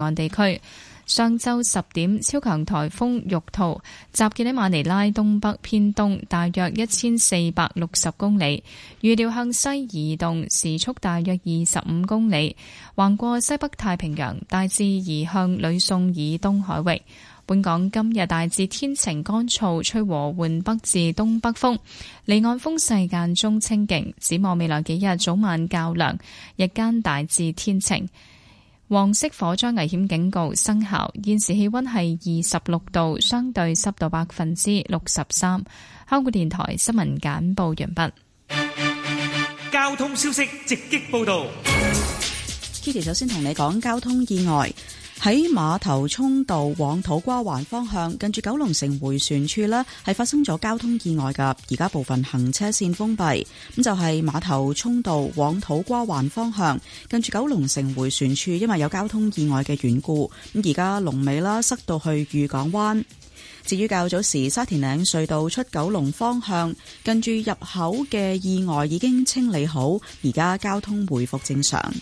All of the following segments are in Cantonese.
岸地區上周十點，超強台風玉兔集結喺馬尼拉東北偏東大約一千四百六十公里，預料向西移動，時速大約二十五公里，橫過西北太平洋，大致移向呂宋以東海域。本港今日大致天晴乾燥，吹和緩北至東北風，離岸風勢間中清勁。展望未來幾日，早晚較涼，日間大致天晴。黃色火災危險警告生效，現時氣温係二十六度，相對濕度百分之六十三。香港電台新聞簡報完畢。交通消息直擊報道。Kitty 首先同你講交通意外。喺碼頭涌道往土瓜灣方向，近住九龍城回旋處呢，係發生咗交通意外噶，而家部分行車線封閉。咁就係、是、碼頭涌道往土瓜灣方向，近住九龍城回旋處，因為有交通意外嘅緣故，咁而家龍尾啦塞到去御港灣。至於較早時，沙田嶺隧道出九龍方向，近住入口嘅意外，已經清理好，而家交通回復正常。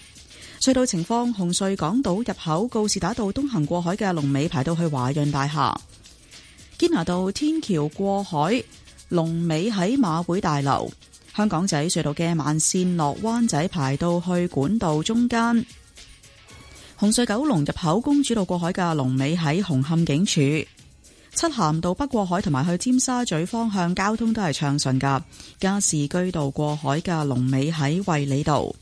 隧道情況：紅隧港島入口告士打道東行過海嘅龍尾排到去華潤大廈；堅拿道天橋過海龍尾喺馬會大樓；香港仔隧道嘅慢線落灣仔排到去管道中間；紅隧九龍入口公主道過海嘅龍尾喺紅磡警署；漆咸道北過海同埋去尖沙咀方向交通都係暢順噶；加士居道過海嘅龍尾喺衛理道。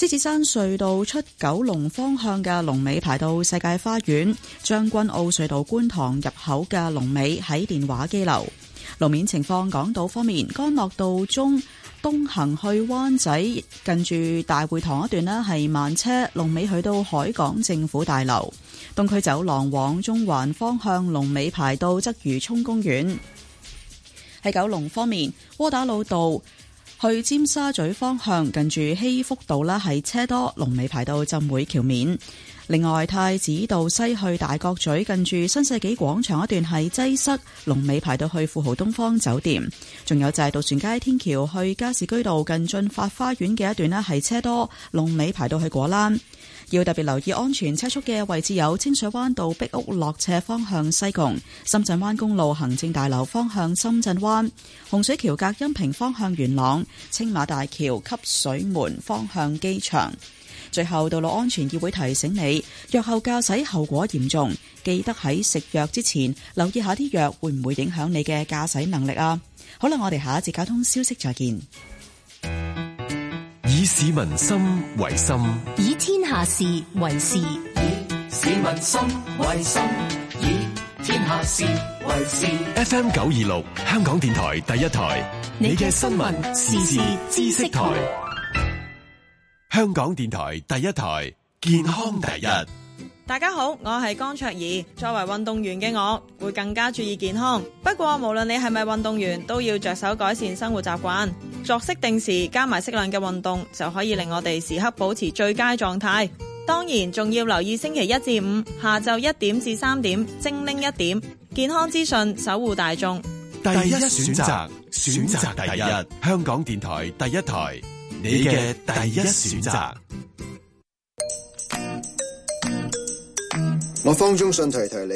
獅子山隧道出九龍方向嘅龍尾排到世界花園，將軍澳隧道觀塘入口嘅龍尾喺電話機樓。路面情況，港島方面，干諾道中東行去灣仔，近住大會堂一段呢係慢車，龍尾去到海港政府大樓。東區走廊往中環方向，龍尾排到鰂魚涌公園。喺九龍方面，窩打老道。去尖沙咀方向，近住禧福道啦，係車多，龍尾排到浸會橋面。另外，太子道西去大角咀，近住新世紀廣場一段係擠塞，龍尾排到去富豪東方酒店。仲有就係渡船街天橋去加士居道近駿發花園嘅一段呢係車多，龍尾排到去果欄。要特別留意安全車速嘅位置有清水灣道壁屋落斜方向西貢、深圳灣公路行政大樓方向深圳灣、洪水橋隔音屏方向元朗、青馬大橋汲水門方向機場。最後，道路安全議會提醒你，藥後駕駛後果嚴重，記得喺食藥之前留意下啲藥會唔會影響你嘅駕駛能力啊！好啦，我哋下一節交通消息再見。以市民心為心，以天下事為事。以市民心為心，以天下事為事。FM 九二六，香港電台第一台。你嘅新聞、時事知、時事知識台。香港電台第一台，健康第一。大家好，我係江卓儀。作為運動員嘅我，會更加注意健康。不過，無論你係咪運動員，都要着手改善生活習慣，作息定時，加埋適量嘅運動，就可以令我哋時刻保持最佳狀態。當然，仲要留意星期一至五下晝一點至三點，精靈一點健康資訊，守護大眾。第一選擇，選擇第一，第一香港電台第一台，你嘅第一選擇。我方中信提提你，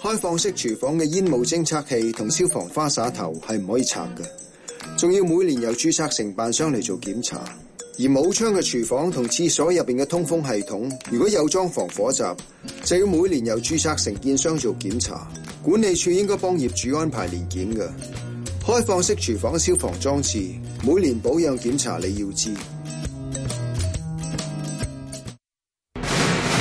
開放式廚房嘅煙霧偵測器同消防花灑頭係唔可以拆嘅，仲要每年由註冊承辦商嚟做檢查。而冇窗嘅廚房同廁所入邊嘅通風系統，如果有裝防火閘，就要每年由註冊承建商做檢查。管理處應該幫業主安排年檢嘅。開放式廚房消防裝置每年保養檢查你要知。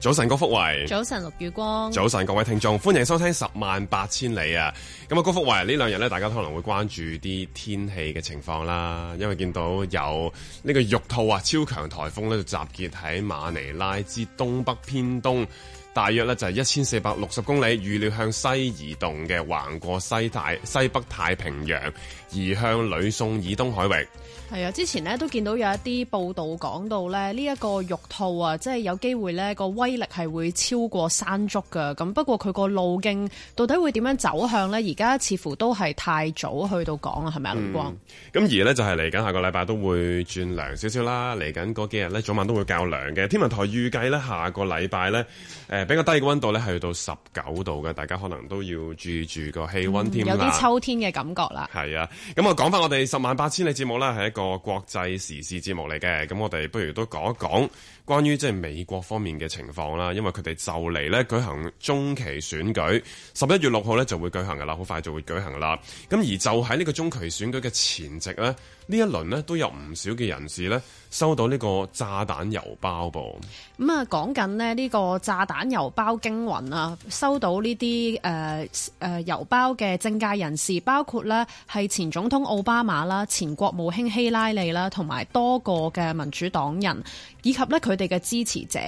早晨，郭福維。早晨，陸月光。早晨，各位聽眾，歡迎收聽《十萬八千里》啊！咁啊，福華，呢兩日呢，大家可能會關注啲天氣嘅情況啦，因為見到有呢個玉兔啊，超強颱風呢，就集結喺馬尼拉之東北偏東，大約呢就係一千四百六十公里，預料向西移動嘅，橫過西太西北太平洋，移向呂宋以東海域。係啊，之前呢都見到有一啲報道講到咧，呢、這、一個玉兔啊，即、就、係、是、有機會呢個威力係會超過山竹㗎。咁不過佢個路徑到底會點樣走向呢？而？而家似乎都係太早去到講啦，係咪啊？咁、嗯嗯、而咧就係嚟緊下個禮拜都會轉涼少少啦，嚟緊嗰幾日咧早晚都會較涼嘅。天文台預計咧下個禮拜咧誒比較低嘅溫度咧去到十九度嘅，大家可能都要注意住個氣溫添、嗯、有啲秋天嘅感覺啦。係啊，咁我講翻我哋十萬八千里節目咧係一個國際時事節目嚟嘅，咁我哋不如都講一講。關於即係美國方面嘅情況啦，因為佢哋就嚟咧舉行中期選舉，十一月六號咧就會舉行㗎喇，好快就會舉行㗎喇。咁而就喺呢個中期選舉嘅前夕咧。呢一輪呢都有唔少嘅人士呢收到呢個炸彈郵包噃。咁、嗯、啊，講緊呢個炸彈郵包驚魂，啊，收到呢啲誒誒郵包嘅政界人士，包括呢係前總統奧巴馬啦、前國務卿希拉里啦，同埋多個嘅民主黨人，以及呢佢哋嘅支持者。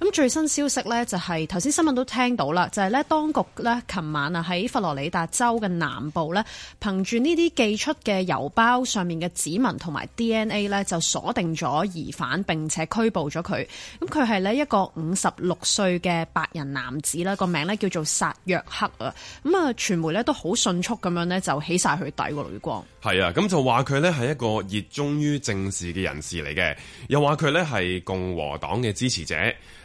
咁最新消息呢就係頭先新聞都聽到啦，就係、是、呢當局呢琴晚啊喺佛羅里達州嘅南部呢憑住呢啲寄出嘅郵包上面嘅指紋同埋 DNA 咧就鎖定咗疑犯，並且拘捕咗佢。咁佢係咧一個五十六歲嘅白人男子啦，個名咧叫做薩約克啊。咁啊，傳媒咧都好迅速咁樣咧就起晒佢底個雷光。係啊，咁就話佢咧係一個熱衷於政治嘅人士嚟嘅，又話佢咧係共和黨嘅支持者。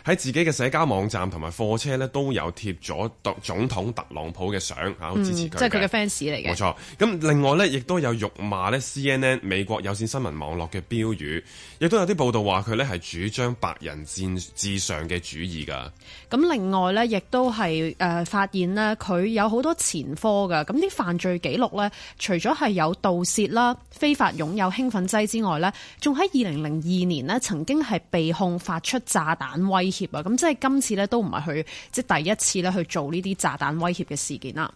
喺自己嘅社交網站同埋貨車咧都有貼咗度總統特朗普嘅相吓，好支持佢，即係佢嘅 fans 嚟嘅，冇錯。咁另外咧，亦都有辱罵咧 CNN 美國有線新聞網絡嘅標語，亦都有啲報道話佢咧係主張白人戰至上嘅主義噶，咁另外咧，亦都係誒、呃、發現咧，佢有好多前科噶，咁啲犯罪記錄咧，除咗係有盜竊啦、非法擁有興奮劑之外咧，仲喺二零零二年咧曾經係被控發出炸彈威脅。咁即係今次咧都唔係去即係第一次咧去做呢啲炸彈威脅嘅事件啦。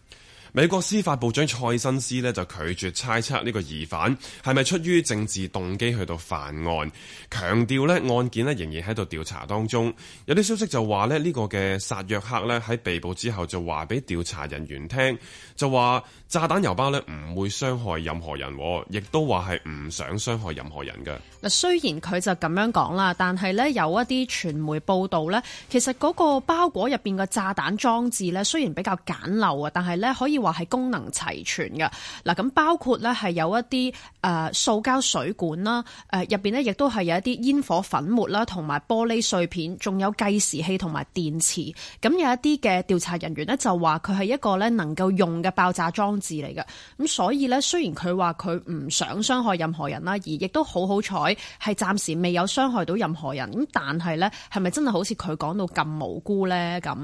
美國司法部長蔡新斯就拒絕猜測呢個疑犯係咪出於政治動機去到犯案，強調案件仍然喺度調查當中。有啲消息就話咧呢個嘅薩約克咧喺被捕之後就話俾調查人員聽，就話炸彈郵包咧唔會傷害任何人，亦都話係唔想傷害任何人嘅。嗱，雖然佢就咁樣講啦，但係有一啲傳媒報道咧，其實嗰個包裹入邊嘅炸彈裝置咧雖然比較簡陋啊，但係可以。話係功能齊全嘅。嗱，咁包括呢係有一啲誒塑膠水管啦，誒入邊呢亦都係有一啲煙火粉末啦，同埋玻璃碎片，仲有計時器同埋電池。咁有一啲嘅調查人員呢，就話佢係一個呢能夠用嘅爆炸裝置嚟嘅。咁所以呢，雖然佢話佢唔想傷害任何人啦，而亦都好好彩係暫時未有傷害到任何人。咁但係呢，係咪真係好似佢講到咁無辜呢？咁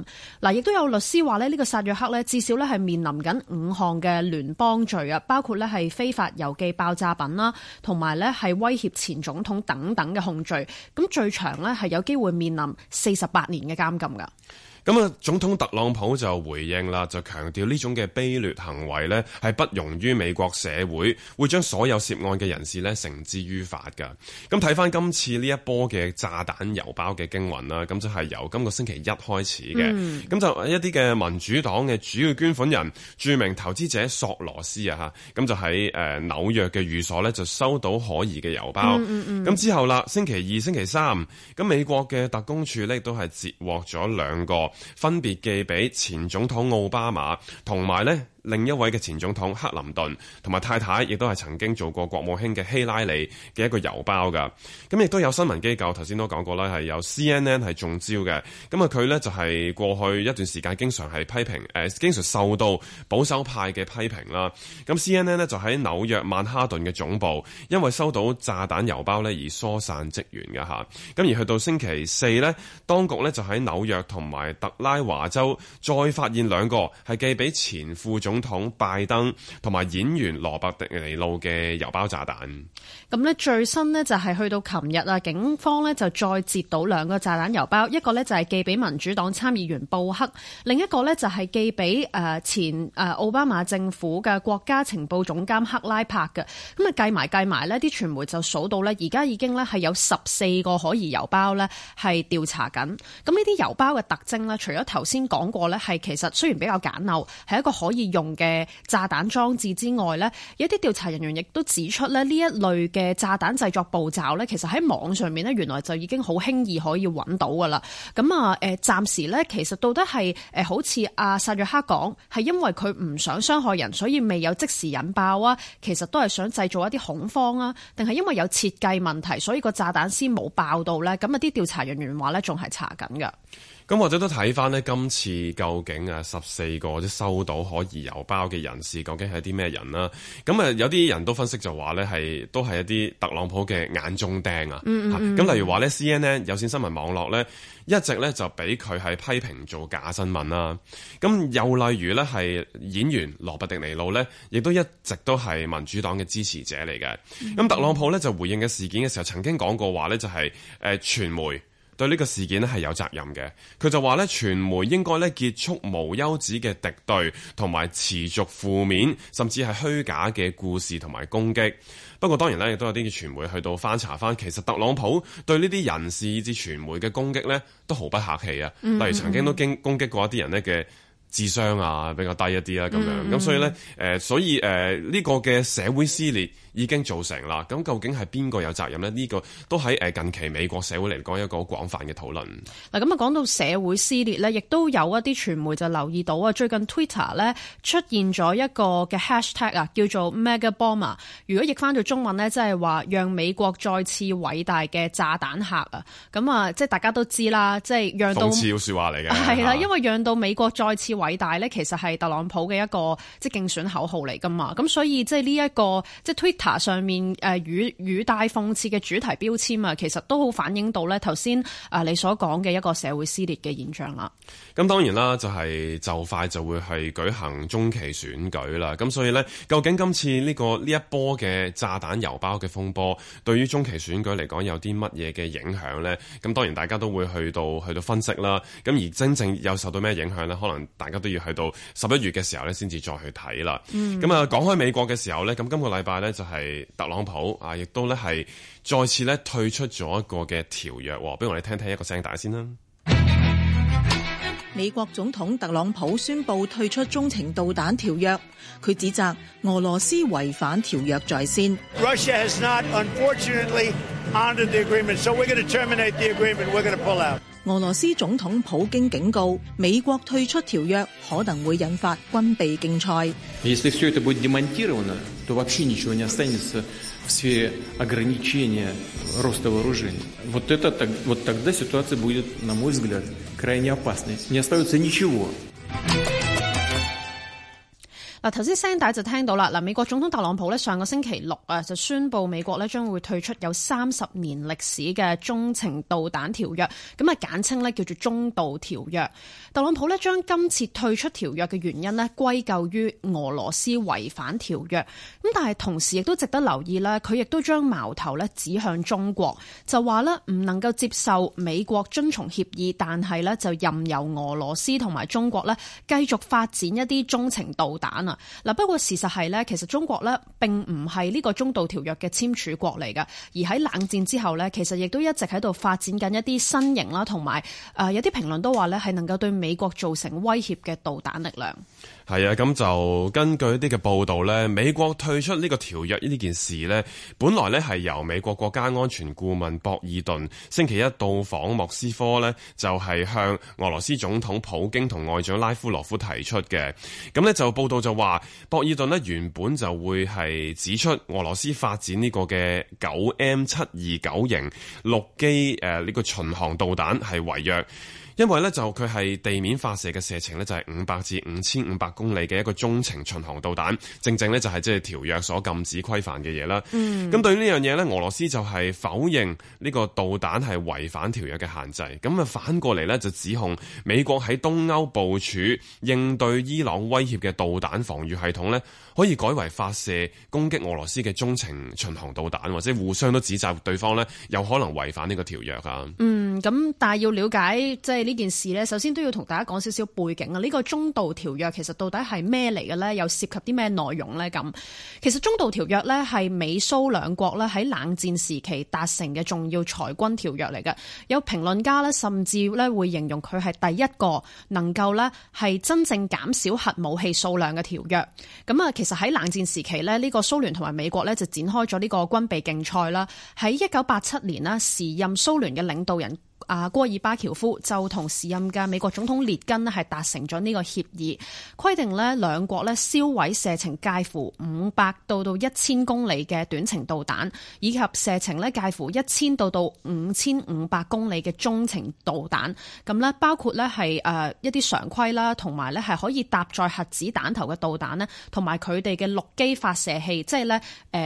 嗱，亦都有律師話呢，呢個薩約克呢，至少呢係面臨。緊五項嘅聯邦罪啊，包括咧係非法郵寄爆炸品啦，同埋咧係威脅前總統等等嘅控罪。咁最長呢係有機會面臨四十八年嘅監禁噶。咁啊，總統特朗普就回應啦，就強調呢種嘅卑劣行為咧，係不容於美國社會，會將所有涉案嘅人士咧，繩之於法噶。咁睇翻今次呢一波嘅炸彈郵包嘅驚魂啦，咁就係由今個星期一開始嘅，咁、嗯、就一啲嘅民主黨嘅主要捐款人、著名投資者索羅斯啊，吓，咁就喺誒紐約嘅寓所咧，就收到可疑嘅郵包。咁、嗯嗯嗯、之後啦，星期二、星期三，咁美國嘅特工處咧，都係截獲咗兩個。分別寄俾前總統奧巴馬，同埋呢。另一位嘅前總統克林頓同埋太太，亦都係曾經做過國務卿嘅希拉里嘅一個郵包噶。咁亦都有新聞機構頭先都講過啦，係有 CNN 係中招嘅。咁啊佢呢就係過去一段時間經常係批評，呃，經常受到保守派嘅批評啦。咁 CNN 呢就喺紐約曼哈頓嘅總部，因為收到炸彈郵包呢而疏散職員嘅吓。咁而去到星期四呢，當局呢就喺紐約同埋特拉華州再發現兩個係寄俾前副總統拜登同埋演員羅伯迪尼路嘅郵包炸彈。咁呢最新呢，就係去到琴日啊，警方呢，就再接到兩個炸彈郵包，一個呢，就係寄俾民主黨參議員布克，另一個呢，就係寄俾誒前誒奧巴馬政府嘅國家情報總監克拉柏嘅。咁啊計埋計埋呢啲傳媒就數到呢而家已經呢係有十四個可疑郵包呢係調查緊。咁呢啲郵包嘅特徵呢除咗頭先講過呢係其實雖然比較簡陋，係一個可以用。用嘅炸彈裝置之外呢，有啲調查人員亦都指出咧，呢一類嘅炸彈製作步驟呢，其實喺網上面呢，原來就已經好輕易可以揾到噶啦。咁啊，誒、呃、暫時呢，其實到底係誒、呃、好似阿、啊、薩約克講，係因為佢唔想傷害人，所以未有即時引爆啊。其實都係想製造一啲恐慌啊，定係因為有設計問題，所以個炸彈先冇爆到呢？咁啊，啲調查人員話呢，仲係查緊嘅。咁或者都睇翻呢，今次究竟啊十四個即收到可疑郵包嘅人士，究竟係啲咩人啦、啊？咁啊有啲人都分析就話呢，係都係一啲特朗普嘅眼中釘啊！咁、嗯嗯嗯啊、例如話呢，CNN 有線新聞網絡呢，一直呢就俾佢係批評做假新聞啦、啊。咁又例如呢，係演員羅伯迪尼路呢，亦都一直都係民主黨嘅支持者嚟嘅。咁、嗯嗯、特朗普呢，就回應嘅事件嘅時候，曾經講過話呢就係、是、誒、呃、傳媒。對呢個事件咧係有責任嘅，佢就話呢，傳媒應該咧結束無休止嘅敵對同埋持續負面甚至係虛假嘅故事同埋攻擊。不過當然咧，亦都有啲嘅傳媒去到翻查翻，其實特朗普對呢啲人士以至傳媒嘅攻擊呢，都毫不客氣啊。例如曾經都經攻擊過一啲人咧嘅智商啊比較低一啲啦咁樣。咁、mm-hmm. 所以呢，誒，所以誒呢個嘅社會撕裂。已經造成啦，咁究竟係邊個有責任呢？呢、呢個都喺近期美國社會嚟講一個廣泛嘅討論。嗱，咁啊講到社會撕裂咧，亦都有一啲傳媒就留意到啊，最近 Twitter 咧出現咗一個嘅 hashtag 啊，叫做 Megabomber。如果譯翻做中文咧，即係話讓美國再次偉大嘅炸彈客啊。咁啊，即係大家都知啦，即係讓到諷刺嘅説話嚟嘅，係啦，因為讓到美國再次偉大咧，其實係特朗普嘅一個即係競選口號嚟㗎嘛。咁所以、呢個、即呢一個即係 Twitter。上面誒語、呃、語帶諷刺嘅主題標籤啊，其實都好反映到咧頭先啊你所講嘅一個社會撕裂嘅現象啦。咁當然啦，就係、係、就快就會去舉行中期選舉啦。咁所以呢，究竟今次呢、呢個呢一波嘅炸彈郵包嘅風波，對於中期選舉嚟講有啲乜嘢嘅影響呢？咁當然大家都會去到去到分析啦。咁而真正有受到咩影響呢？可能大家都要去到十一月嘅時、嗯啊、時候呢，先至再去睇啦。咁啊，講開美國嘅時候呢，咁今個禮拜呢，就係、係。係特朗普啊，亦都咧係再次咧退出咗一個嘅條約，俾我哋聽聽一個聲帶先啦。美國總統特朗普宣布退出中程導彈條約，佢指責俄羅斯違反條約在先。俄羅斯總統普京警告，美國退出條約可能會引發軍備競賽。嗱，頭先聲帶就聽到啦，嗱，美國總統特朗普呢上個星期六啊，就宣布美國呢將會退出有三十年歷史嘅中程導彈條約，咁啊簡稱呢叫做中導條約。特朗普呢將今次退出條約嘅原因呢歸咎於俄羅斯違反條約，咁但係同時亦都值得留意啦，佢亦都將矛頭呢指向中國，就話呢唔能夠接受美國遵從協議，但係呢就任由俄羅斯同埋中國呢繼續發展一啲中程導彈啊！嗱，不過事實係咧，其實中國咧並唔係呢個中導條約嘅簽署國嚟㗎，而喺冷戰之後咧，其實亦都一直喺度發展緊一啲新型啦，同埋誒，有啲評論都話咧係能夠對美國造成威脅嘅導彈力量。係啊，咁就根據啲嘅報道呢，美國退出呢個條約呢件事呢，本來呢係由美國國家安全顧問博爾頓星期一到訪莫斯科呢，就係向俄羅斯總統普京同外長拉夫羅夫提出嘅。咁呢就報道就話，博爾頓呢原本就會係指出俄羅斯發展呢個嘅九 M 七二九型陸基呢、呃呢個巡航導彈係違約。因為咧就佢係地面發射嘅，射程呢就係五百至五千五百公里嘅一個中程巡航導彈，正正呢，就係即係條約所禁止規範嘅嘢啦。咁、嗯、對於呢樣嘢呢，俄羅斯就係否認呢個導彈係違反條約嘅限制。咁啊反過嚟呢，就指控美國喺東歐部署應對伊朗威脅嘅導彈防禦系統呢可以改為發射攻擊俄羅斯嘅中程巡航導彈，或者互相都指責對方呢，有可能違反呢個條約啊。嗯，咁但係要了解即係呢件事呢，首先都要同大家講少少背景啊。呢個中導條約其實到底係咩嚟嘅呢？又涉及啲咩內容呢？咁其實中導條約呢，係美蘇兩國呢喺冷戰時期達成嘅重要裁軍條約嚟嘅。有評論家呢，甚至咧會形容佢係第一個能夠呢，係真正減少核武器數量嘅條約。咁啊，其就喺冷戰時期咧，呢個蘇聯同埋美國咧就展開咗呢個軍備競賽啦。喺一九八七年，呢時任蘇聯嘅領導人阿戈爾巴喬夫就同時任嘅美國總統列根咧，係達成咗呢個協議，規定呢兩國呢銷毀射程介乎五百到到一千公里嘅短程導彈，以及射程咧介乎一千到到五千五百公里嘅中程導彈。咁包括呢係誒一啲常規啦，同埋呢係可以搭載核子彈頭嘅導彈咧，同埋佢哋嘅陸基發射器，即係呢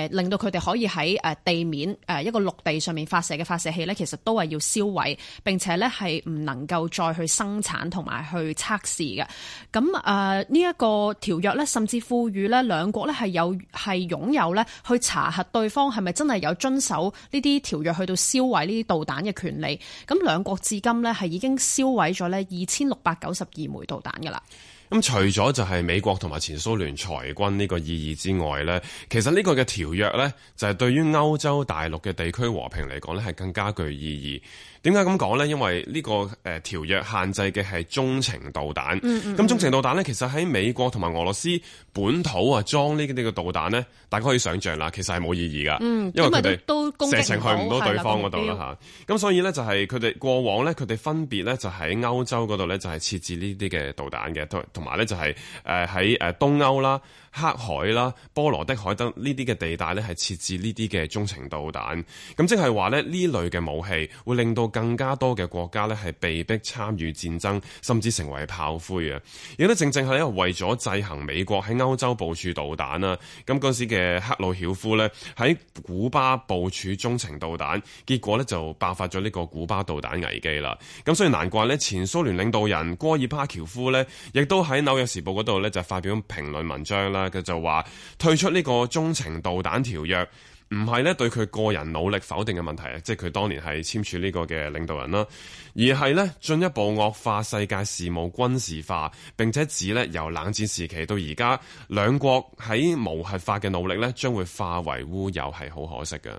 令到佢哋可以喺地面一個陸地上面發射嘅發射器呢，其實都係要銷毀。並且咧係唔能夠再去生產同埋去測試嘅。咁誒，呢一個條約呢，甚至賦予呢兩國呢係有係擁有呢去查核對方係咪真係有遵守呢啲條約去到銷毀呢啲導彈嘅權利。咁兩國至今呢係已經銷毀咗呢二千六百九十二枚導彈噶啦。咁除咗就係美國同埋前蘇聯裁軍呢個意義之外呢，其實呢個嘅條約呢，就係對於歐洲大陸嘅地區和平嚟講呢係更加具意義。點解咁講咧？因為呢個誒條約限制嘅係中程導彈。咁中程導彈呢，其實喺美國同埋俄羅斯本土啊裝呢啲嘅導彈咧，嗯嗯大家可以想象啦，其實係冇意義噶、嗯。因為佢哋都射程去唔到對方嗰度啦吓。咁、嗯嗯嗯、所以呢，就係佢哋過往呢，佢哋分別呢，就喺歐洲嗰度呢，就係設置呢啲嘅導彈嘅。同埋呢，就係誒喺誒東歐啦、黑海啦、波羅的海等呢啲嘅地帶呢，係設置呢啲嘅中程導彈。咁即係話呢，呢類嘅武器會令到更加多嘅國家呢係被迫參與戰爭，甚至成為炮灰啊！亦都正正係因為為咗制衡美國喺歐洲部署導彈啦，咁嗰時嘅克魯曉夫呢，喺古巴部署中程導彈，結果呢就爆發咗呢個古巴導彈危機啦。咁所以難怪呢前蘇聯領導人戈爾巴喬夫呢，亦都喺紐約時報嗰度呢，就發表評論文章啦，佢就話退出呢個中程導彈條約。唔係咧對佢個人努力否定嘅問題啊，即係佢當年係簽署呢個嘅領導人啦，而係咧進一步惡化世界事務軍事化，並且指咧由冷戰時期到而家，兩國喺無核化嘅努力咧將會化為烏有，係好可惜嘅。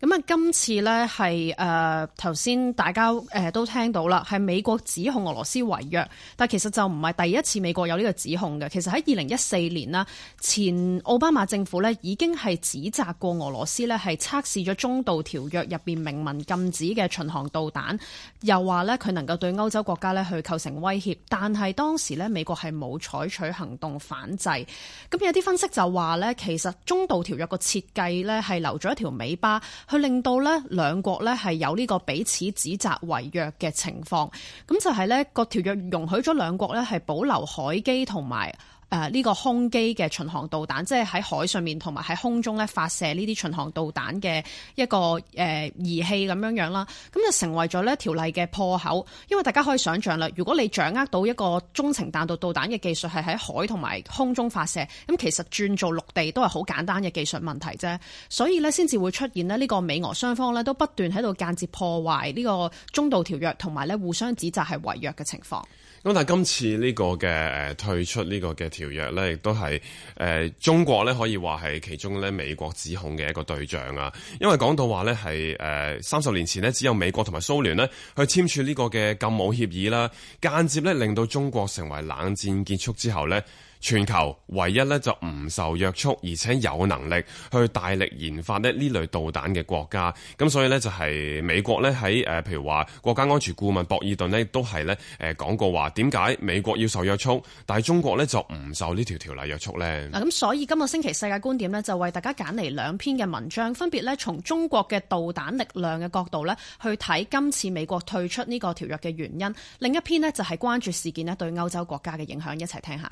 咁啊！今次呢係誒頭先，大家都聽到啦，係美國指控俄羅斯違約，但其實就唔係第一次美國有呢個指控嘅。其實喺二零一四年啦，前奧巴馬政府呢已經係指責過俄羅斯呢係測試咗中導條約入面明文禁止嘅巡航導彈，又話呢，佢能夠對歐洲國家呢去構成威脅，但係當時呢，美國係冇採取行動反制。咁有啲分析就話呢，其實中導條約個設計呢係留咗一條尾巴。佢令到咧兩國咧係有呢個彼此指責違約嘅情況，咁就係咧個條約容許咗兩國咧係保留海基同埋，誒、呃、呢、這個空基嘅巡航導彈，即係喺海上面同埋喺空中咧發射呢啲巡航導彈嘅一個誒、呃、儀器咁樣樣啦，咁就成為咗呢條例嘅破口。因為大家可以想像啦，如果你掌握到一個中程彈道導彈嘅技術係喺海同埋空中發射，咁其實轉做陸地都係好簡單嘅技術問題啫。所以呢，先至會出現咧呢個美俄雙方咧都不斷喺度間接破壞呢個中導條約，同埋咧互相指責係違約嘅情況。咁但係今次呢個嘅退出呢個嘅條約呢，亦都係、呃、中國呢可以話係其中咧美國指控嘅一個對象啊。因為講到話呢，係呃、三十年前呢只有美國同埋蘇聯呢去簽署呢個嘅禁武協議啦，間接咧令到中國成為冷戰結束之後呢，全球唯一咧就唔受約束，而且有能力去大力研發呢呢類導彈嘅國家咁，所以呢，就係美國呢，喺譬如話國家安全顧問博爾頓呢，都係呢，講過話，點解美國要受約束，但係中國呢，就唔受呢條條例約束咧。嗱咁，所以今個星期世界觀點呢，就為大家揀嚟兩篇嘅文章，分別呢，從中國嘅導彈力量嘅角度呢，去睇今次美國退出呢個條約嘅原因。另一篇呢，就係關注事件呢，對歐洲國家嘅影響，一齊聽下。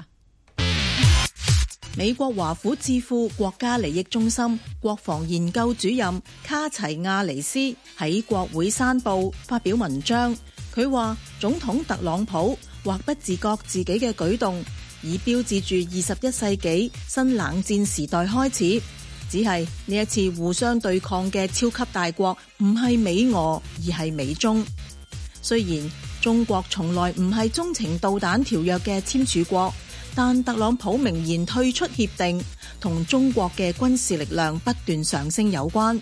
美國華府智庫國家利益中心國防研究主任卡齊亞尼斯喺國會山報發表文章，佢話總統特朗普或不自覺自己嘅舉動，已標誌住二十一世紀新冷戰時代開始。只係呢一次互相對抗嘅超級大國，唔係美俄，而係美中。雖然中國從來唔係中程導彈條約嘅簽署國。但特朗普明言退出協定，同中國嘅軍事力量不斷上升有關。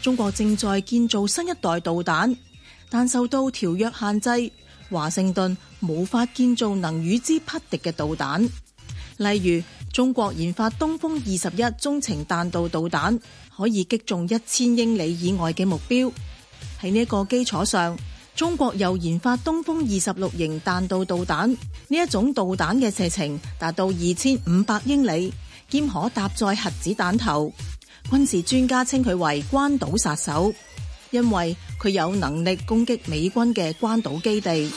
中國正在建造新一代導彈，但受到條約限制，華盛頓無法建造能與之匹敵嘅導彈。例如，中國研發東風二十一中程彈道導彈，可以擊中一千英里以外嘅目標。喺呢個基礎上，中國又研發東風二十六型彈道導彈，呢一種導彈嘅射程達到二千五百英里，兼可搭載核子彈頭。軍事專家稱佢為關島殺手，因為佢有能力攻擊美軍嘅關島基地。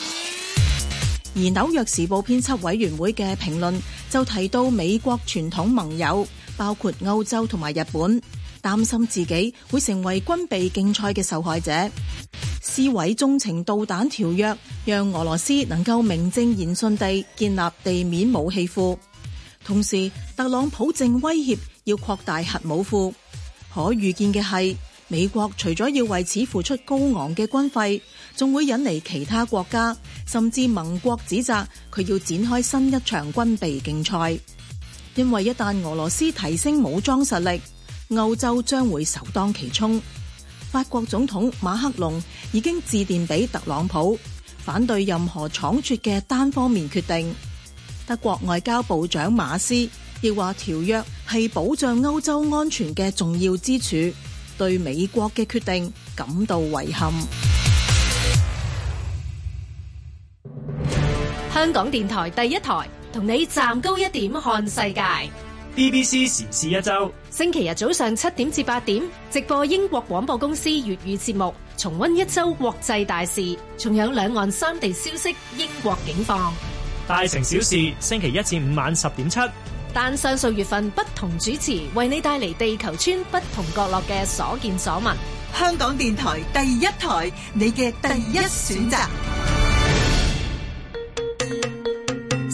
而紐約時報編輯委員會嘅評論就提到美國傳統盟友，包括歐洲同埋日本。擔心自己會成為軍備競賽嘅受害者，撕毀中程導彈條約，讓俄羅斯能夠名正言順地建立地面武器庫，同時特朗普正威脅要擴大核武庫。可預見嘅係，美國除咗要為此付出高昂嘅軍費，仲會引嚟其他國家甚至盟國指責佢要展開新一場軍備競賽。因為一旦俄羅斯提升武裝實力，歐洲將會首當其衝。法國總統馬克龍已經致電俾特朗普，反對任何倉促嘅單方面決定。德國外交部長馬斯亦話條約係保障歐洲安全嘅重要支柱，對美國嘅決定感到遺憾。香港電台第一台同你站高一點看世界。BBC 時事一周。星期日早上七點至八點，直播英國廣播公司粵語節目，重温一周國際大事，仲有兩岸三地消息、英國警方大城小事。星期一至五晚十點七，但上數月份不同主持為你帶嚟地球村不同角落嘅所見所聞。香港電台第一台，你嘅第一選擇。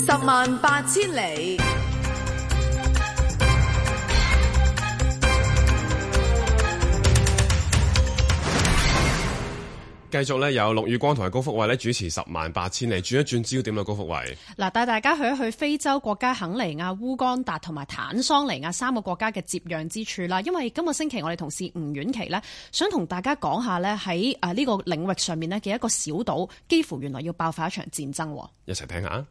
十萬八千里。繼續咧有陸宇光同埋高福慧咧主持十萬八千里，轉一轉焦點嘅高福慧，嗱帶大家去一去非洲國家肯尼亞、烏干達同埋坦桑尼亞三個國家嘅接壤之處啦。因為今個星期我哋同事吳婉琪呢想同大家講下呢喺呢個領域上面呢嘅一個小島，幾乎原來要爆發一場戰爭。一齊聽一下，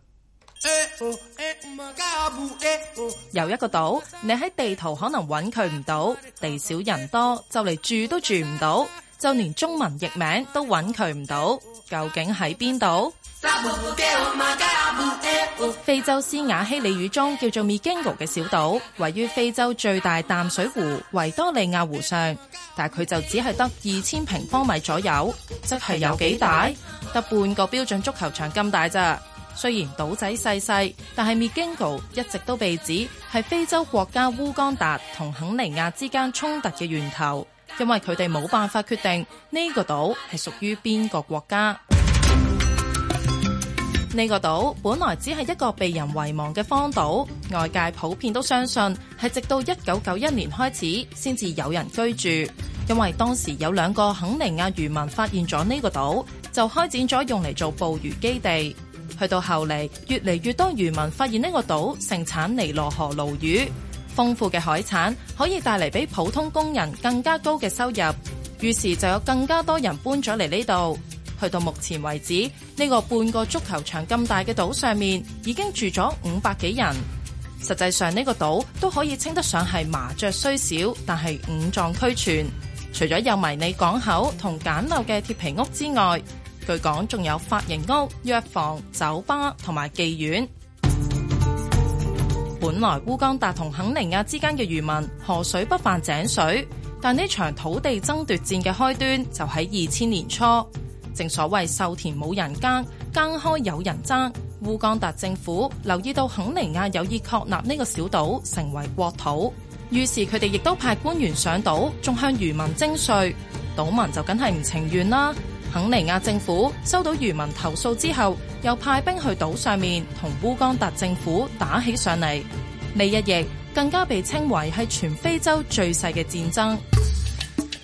有一個島，你喺地圖可能揾佢唔到，地少人多，就嚟住都住唔到。就連中文譯名都揾佢唔到，究竟喺邊度？非洲斯瓦希里語中叫做 Migingo 嘅小島，位於非洲最大淡水湖維多利亞湖上，但佢就只係得二千平方米左右，即係有幾大？得半個標準足球場咁大咋。雖然島仔細細，但係 Migingo 一直都被指係非洲國家烏干達同肯尼亞之間衝突嘅源頭。因為佢哋冇辦法決定呢個島係屬於邊個國家。呢個島本來只係一個被人遺忘嘅荒島，外界普遍都相信係直到一九九一年開始先至有人居住。因為當時有兩個肯尼亞漁民發現咗呢個島，就開展咗用嚟做捕魚基地。去到後嚟，越嚟越多漁民發現呢個島盛產尼羅河鱸魚。豐富嘅海產可以帶嚟比普通工人更加高嘅收入，於是就有更加多人搬咗嚟呢度。去到目前為止，呢個半個足球場咁大嘅島上面已經住咗五百幾人。實際上呢個島都可以稱得上係麻雀雖小，但係五臟俱全。除咗有迷你港口同簡陋嘅鐵皮屋之外，據講仲有髮型屋、藥房、酒吧同埋妓院。本來烏干達同肯尼亞之間嘅漁民河水不犯井水，但呢場土地爭奪戰嘅開端就喺二千年初。正所謂瘦田冇人耕，耕開有人爭。烏干達政府留意到肯尼亞有意確立呢個小島成為國土，於是佢哋亦都派官員上島，仲向漁民徵稅，島民就梗係唔情願啦。肯尼亞政府收到漁民投訴之後，又派兵去島上面同烏干達政府打起上嚟。呢一役更加被稱為係全非洲最細嘅戰爭。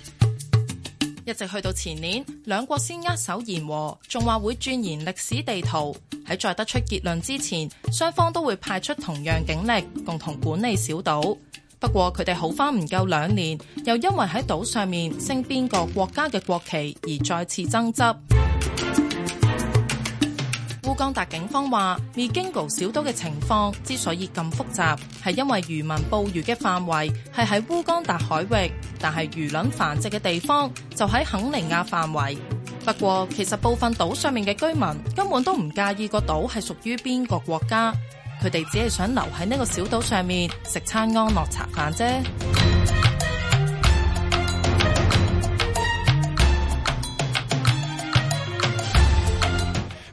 一直去到前年，兩國先握手言和，仲話會鑽研歷史地圖。喺再得出結論之前，雙方都會派出同樣警力，共同管理小島。不過佢哋好翻唔夠兩年，又因為喺島上面升邊個國家嘅國旗而再次爭執。烏干達警方話未 i g 小島嘅情況之所以咁複雜，係因為漁民捕魚嘅範圍係喺烏干達海域，但係魚卵繁殖嘅地方就喺肯尼亞範圍。不過其實部分島上面嘅居民根本都唔介意個島係屬於邊個國家。佢哋只係想留喺呢個小島上面食餐安樂茶飯啫。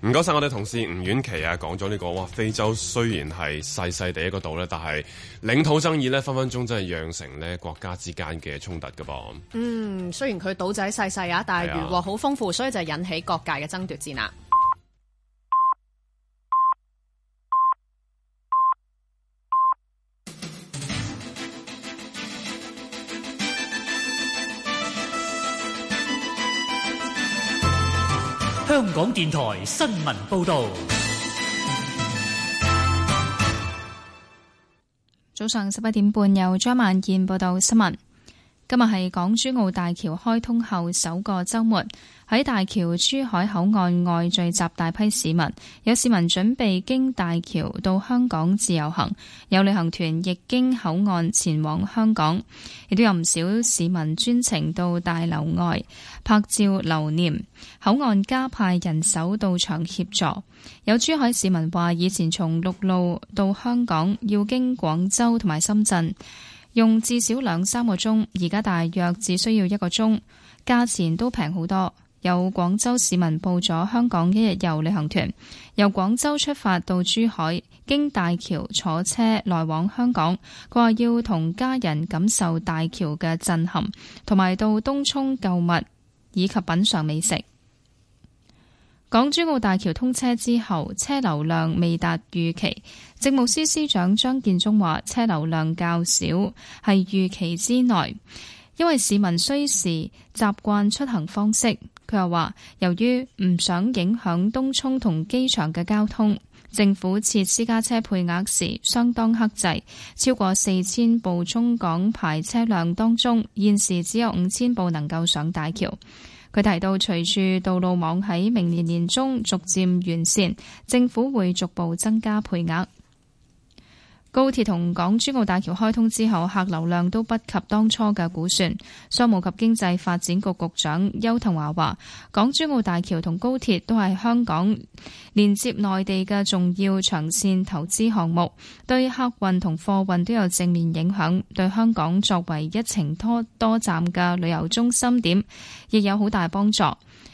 唔該晒我哋同事吳婉琪啊，講咗呢個哇，非洲雖然係細細地一個島咧，但係領土爭議咧，分分鐘真係釀成咧國家之間嘅衝突噶噃。嗯，雖然佢島仔細細啊，但係漁獲好豐富，所以就引起各界嘅爭奪戰啊。香港電台新聞報道。早上十一點半，由張萬健報道新聞。今日係港珠澳大橋開通後首個周末，喺大橋珠海口岸外聚集大批市民，有市民準備經大橋到香港自由行，有旅行團亦經口岸前往香港，亦都有唔少市民專程到大樓外拍照留念。口岸加派人手到場協助，有珠海市民話：以前從陸路到香港要經廣州同埋深圳。用至少兩三個鐘，而家大約只需要一個鐘，價錢都平好多。有廣州市民報咗香港一日遊旅行團，由廣州出發到珠海，經大橋坐車來往香港。佢話要同家人感受大橋嘅震撼，同埋到東涌購物以及品嘗美食。港珠澳大橋通車之後，車流量未達預期。政務司司長張建宗話：車流量較少係預期之內，因為市民需時習慣出行方式。佢又話：由於唔想影響東涌同機場嘅交通，政府設私家車配額時相當克制。超過四千部中港牌車輛當中，現時只有五千部能夠上大橋。佢提到，隨住道路網喺明年年中逐漸完善，政府會逐步增加配額。高鐵同港珠澳大橋開通之後，客流量都不及當初嘅估算。商務及經濟發展局局長邱騰華話：港珠澳大橋同高鐵都係香港連接內地嘅重要長線投資項目，對客運同貨運都有正面影響，對香港作為一程多站嘅旅遊中心點，亦有好大幫助。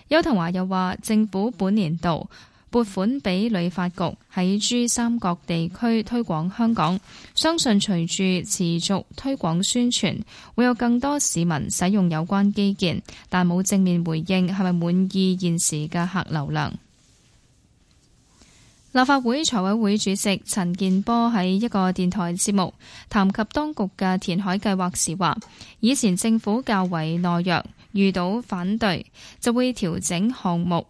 邱騰華又話：政府本年度撥款俾旅發局喺珠三角地區推廣香港，相信隨住持續推廣宣傳，會有更多市民使用有關基建。但冇正面回應係咪滿意現時嘅客流量。立法會財委會主席陳健波喺一個電台節目談及當局嘅填海計劃時話：以前政府較為懦弱，遇到反對就會調整項目。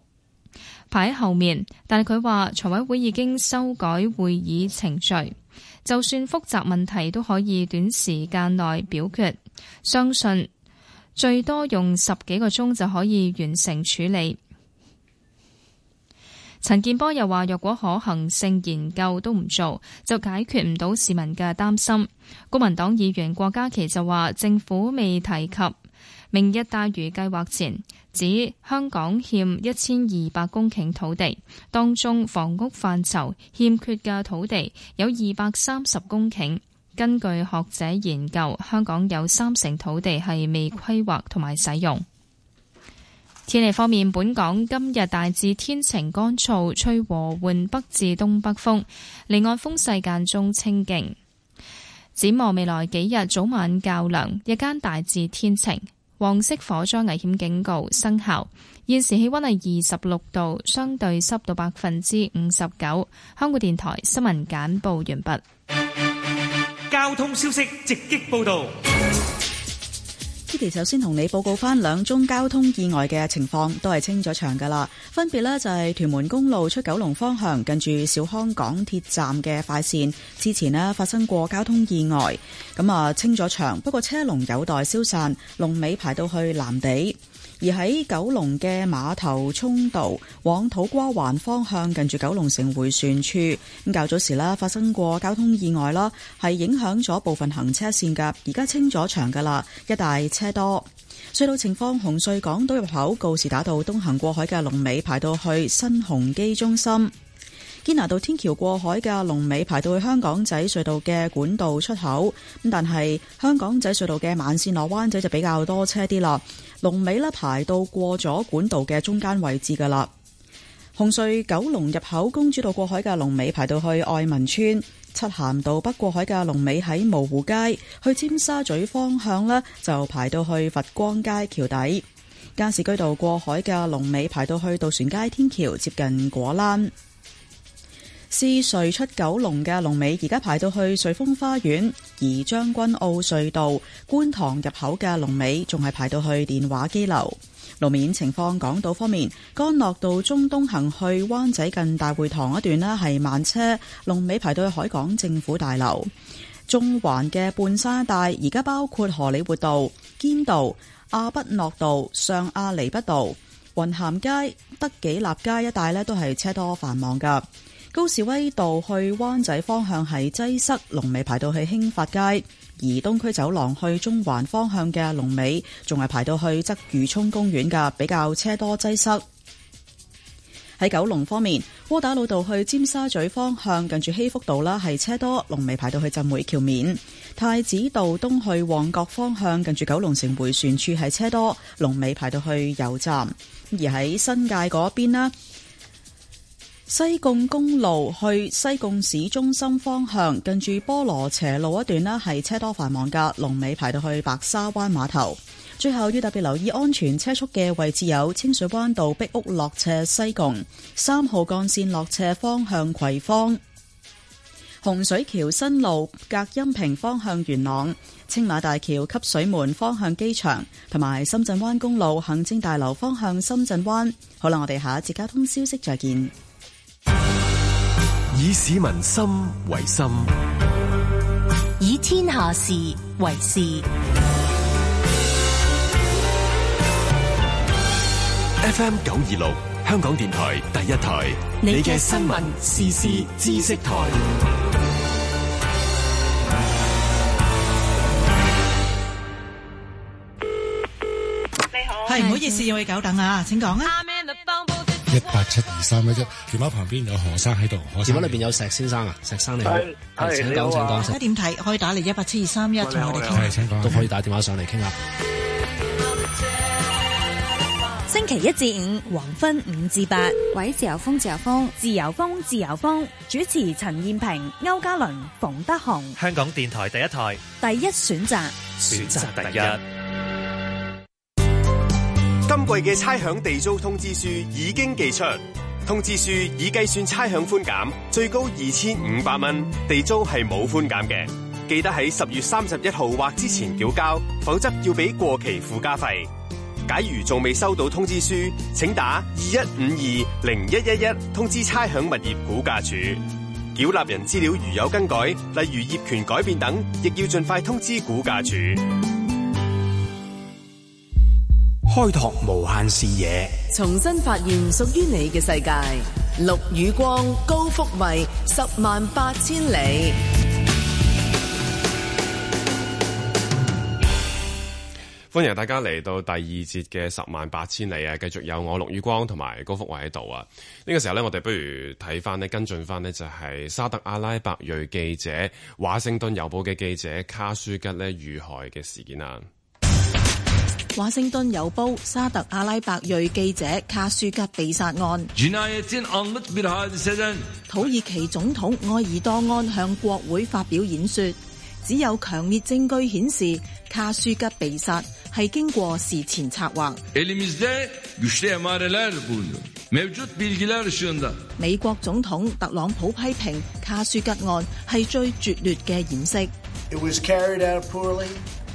排喺後面，但係佢話財委會已經修改會議程序，就算複雜問題都可以短時間內表決，相信最多用十幾個鐘就可以完成處理。陳健波又話，若果可行性研究都唔做，就解決唔到市民嘅擔心。公民黨議員郭家麒就話，政府未提及明日大嶼計劃前，指香港欠一千二百公頃土地，當中房屋範疇欠缺嘅土地有二百三十公頃。根據學者研究，香港有三成土地係未規劃同埋使用。天氣方面本，本港今日大致天晴乾燥，吹和緩北至東北風，離岸風勢間中清勁。展望未來幾日，早晚較涼，日間大致天晴。黃色火災危險警告生效。現時氣温係二十六度，相對濕度百分之五十九。香港電台新聞簡報完畢。交通消息直擊報道。Kitty 首先同你報告翻兩宗交通意外嘅情況，都係清咗場噶啦。分別呢就係屯門公路出九龍方向近住小康港鐵站嘅快線，之前呢發生過交通意外，咁啊清咗場，不過車龍有待消散，龍尾排到去藍地。而喺九龍嘅碼頭涌道往土瓜灣方向，近住九龍城回旋處咁，較早時啦發生過交通意外啦，係影響咗部分行車線噶，而家清咗場噶啦，一大車多。隧道情況，紅隧港島入口告士打道東行過海嘅龍尾排到去新鴻基中心。堅拿道天橋過海嘅龍尾排到去香港仔隧道嘅管道出口，咁但係香港仔隧道嘅慢線落灣仔就比較多車啲啦。龍尾呢排到過咗管道嘅中間位置噶啦。紅隧九龍入口公主道過海嘅龍尾排到去愛民村，漆咸道北過海嘅龍尾喺蕪湖街去尖沙咀方向呢就排到去佛光街橋底，加士居道過海嘅龍尾排到去渡船街天橋，接近果欄。是隧出九龍嘅龍尾，而家排到去瑞豐花園；而將軍澳隧道觀塘入口嘅龍尾，仲係排到去電話機樓，路面情況。港島方面，干諾道中東行去灣仔近大會堂一段呢係慢車，龍尾排到去海港政府大樓。中環嘅半山一帶，而家包括荷里活道、堅道、亞畢諾道、上亞厘畢道、雲咸街、德己立街一帶呢都係車多繁忙噶。高士威道去灣仔方向係擠塞，龍尾排到去興發街；而東區走廊去中環方向嘅龍尾，仲係排到去鰂魚涌公園噶，比較車多擠塞。喺九龍方面，窩打老道去尖沙咀方向近住希福道啦，係車多，龍尾排到去浸會橋面；太子道東去旺角方向近住九龍城回旋處係車多，龍尾排到去油站。而喺新界嗰邊啦。西貢公路去西貢市中心方向，近住菠蘿斜路一段咧，係車多繁忙噶，龍尾排到去白沙灣碼頭。最後要特別留意安全車速嘅位置有清水灣道壁屋落斜、西貢三號幹線落斜方向葵芳、洪水橋新路隔音屏方向元朗、青馬大橋汲水門方向機場，同埋深圳灣公路行政大樓方向深圳灣。好啦，我哋下一節交通消息再見。以市民心為心，以天下事為事。FM 九二六，香港電台第一台，你嘅新聞時事知識台。你好，係唔好意思，要你久等啊，請講啊。一八七二三一一電話旁邊有何生喺度。電話裏面有石先生啊，石生你好。哎、請講、哎、請講。大家點睇？可以打嚟一八七二三一同我哋傾。都、哎可,哎、可以打電話上嚟傾下。星期一至五，黃昏五至八，位自由風，自由風，自由風，自由風。主持陳燕萍、歐嘉倫、馮德雄，香港電台第一台，第一選擇，選擇第一。今季嘅差餉地租通知書已經寄出，通知書已計算差餉寬減，最高二千五百蚊，地租係冇寬減嘅。記得喺十月三十一號或之前繳交，否則要俾過期附加費。假如仲未收到通知書，請打二一五二零一一一通知差餉物業估價署，繳納人資料如有更改，例如業權改變等，亦要盡快通知估價署。開拓無限視野，重新發現屬於你嘅世界。陸宇光、高福慧，十萬八千里。歡迎大家嚟到第二節嘅十萬八千里啊！繼續有我陸宇光同埋高福慧喺度啊！呢、這個時候咧，我哋不如睇翻咧，跟進翻呢就係沙特阿拉伯裔記者、華盛頓郵報嘅記者卡舒吉咧遇害嘅事件啊！華盛頓郵報沙特阿拉伯裔記者卡舒吉被殺案。土耳其總統埃爾多安向國會發表演說，只有強烈證據顯示卡舒吉被殺係經過事前策劃。美國總統特朗普批評卡舒吉案係最拙劣嘅掩飾。It was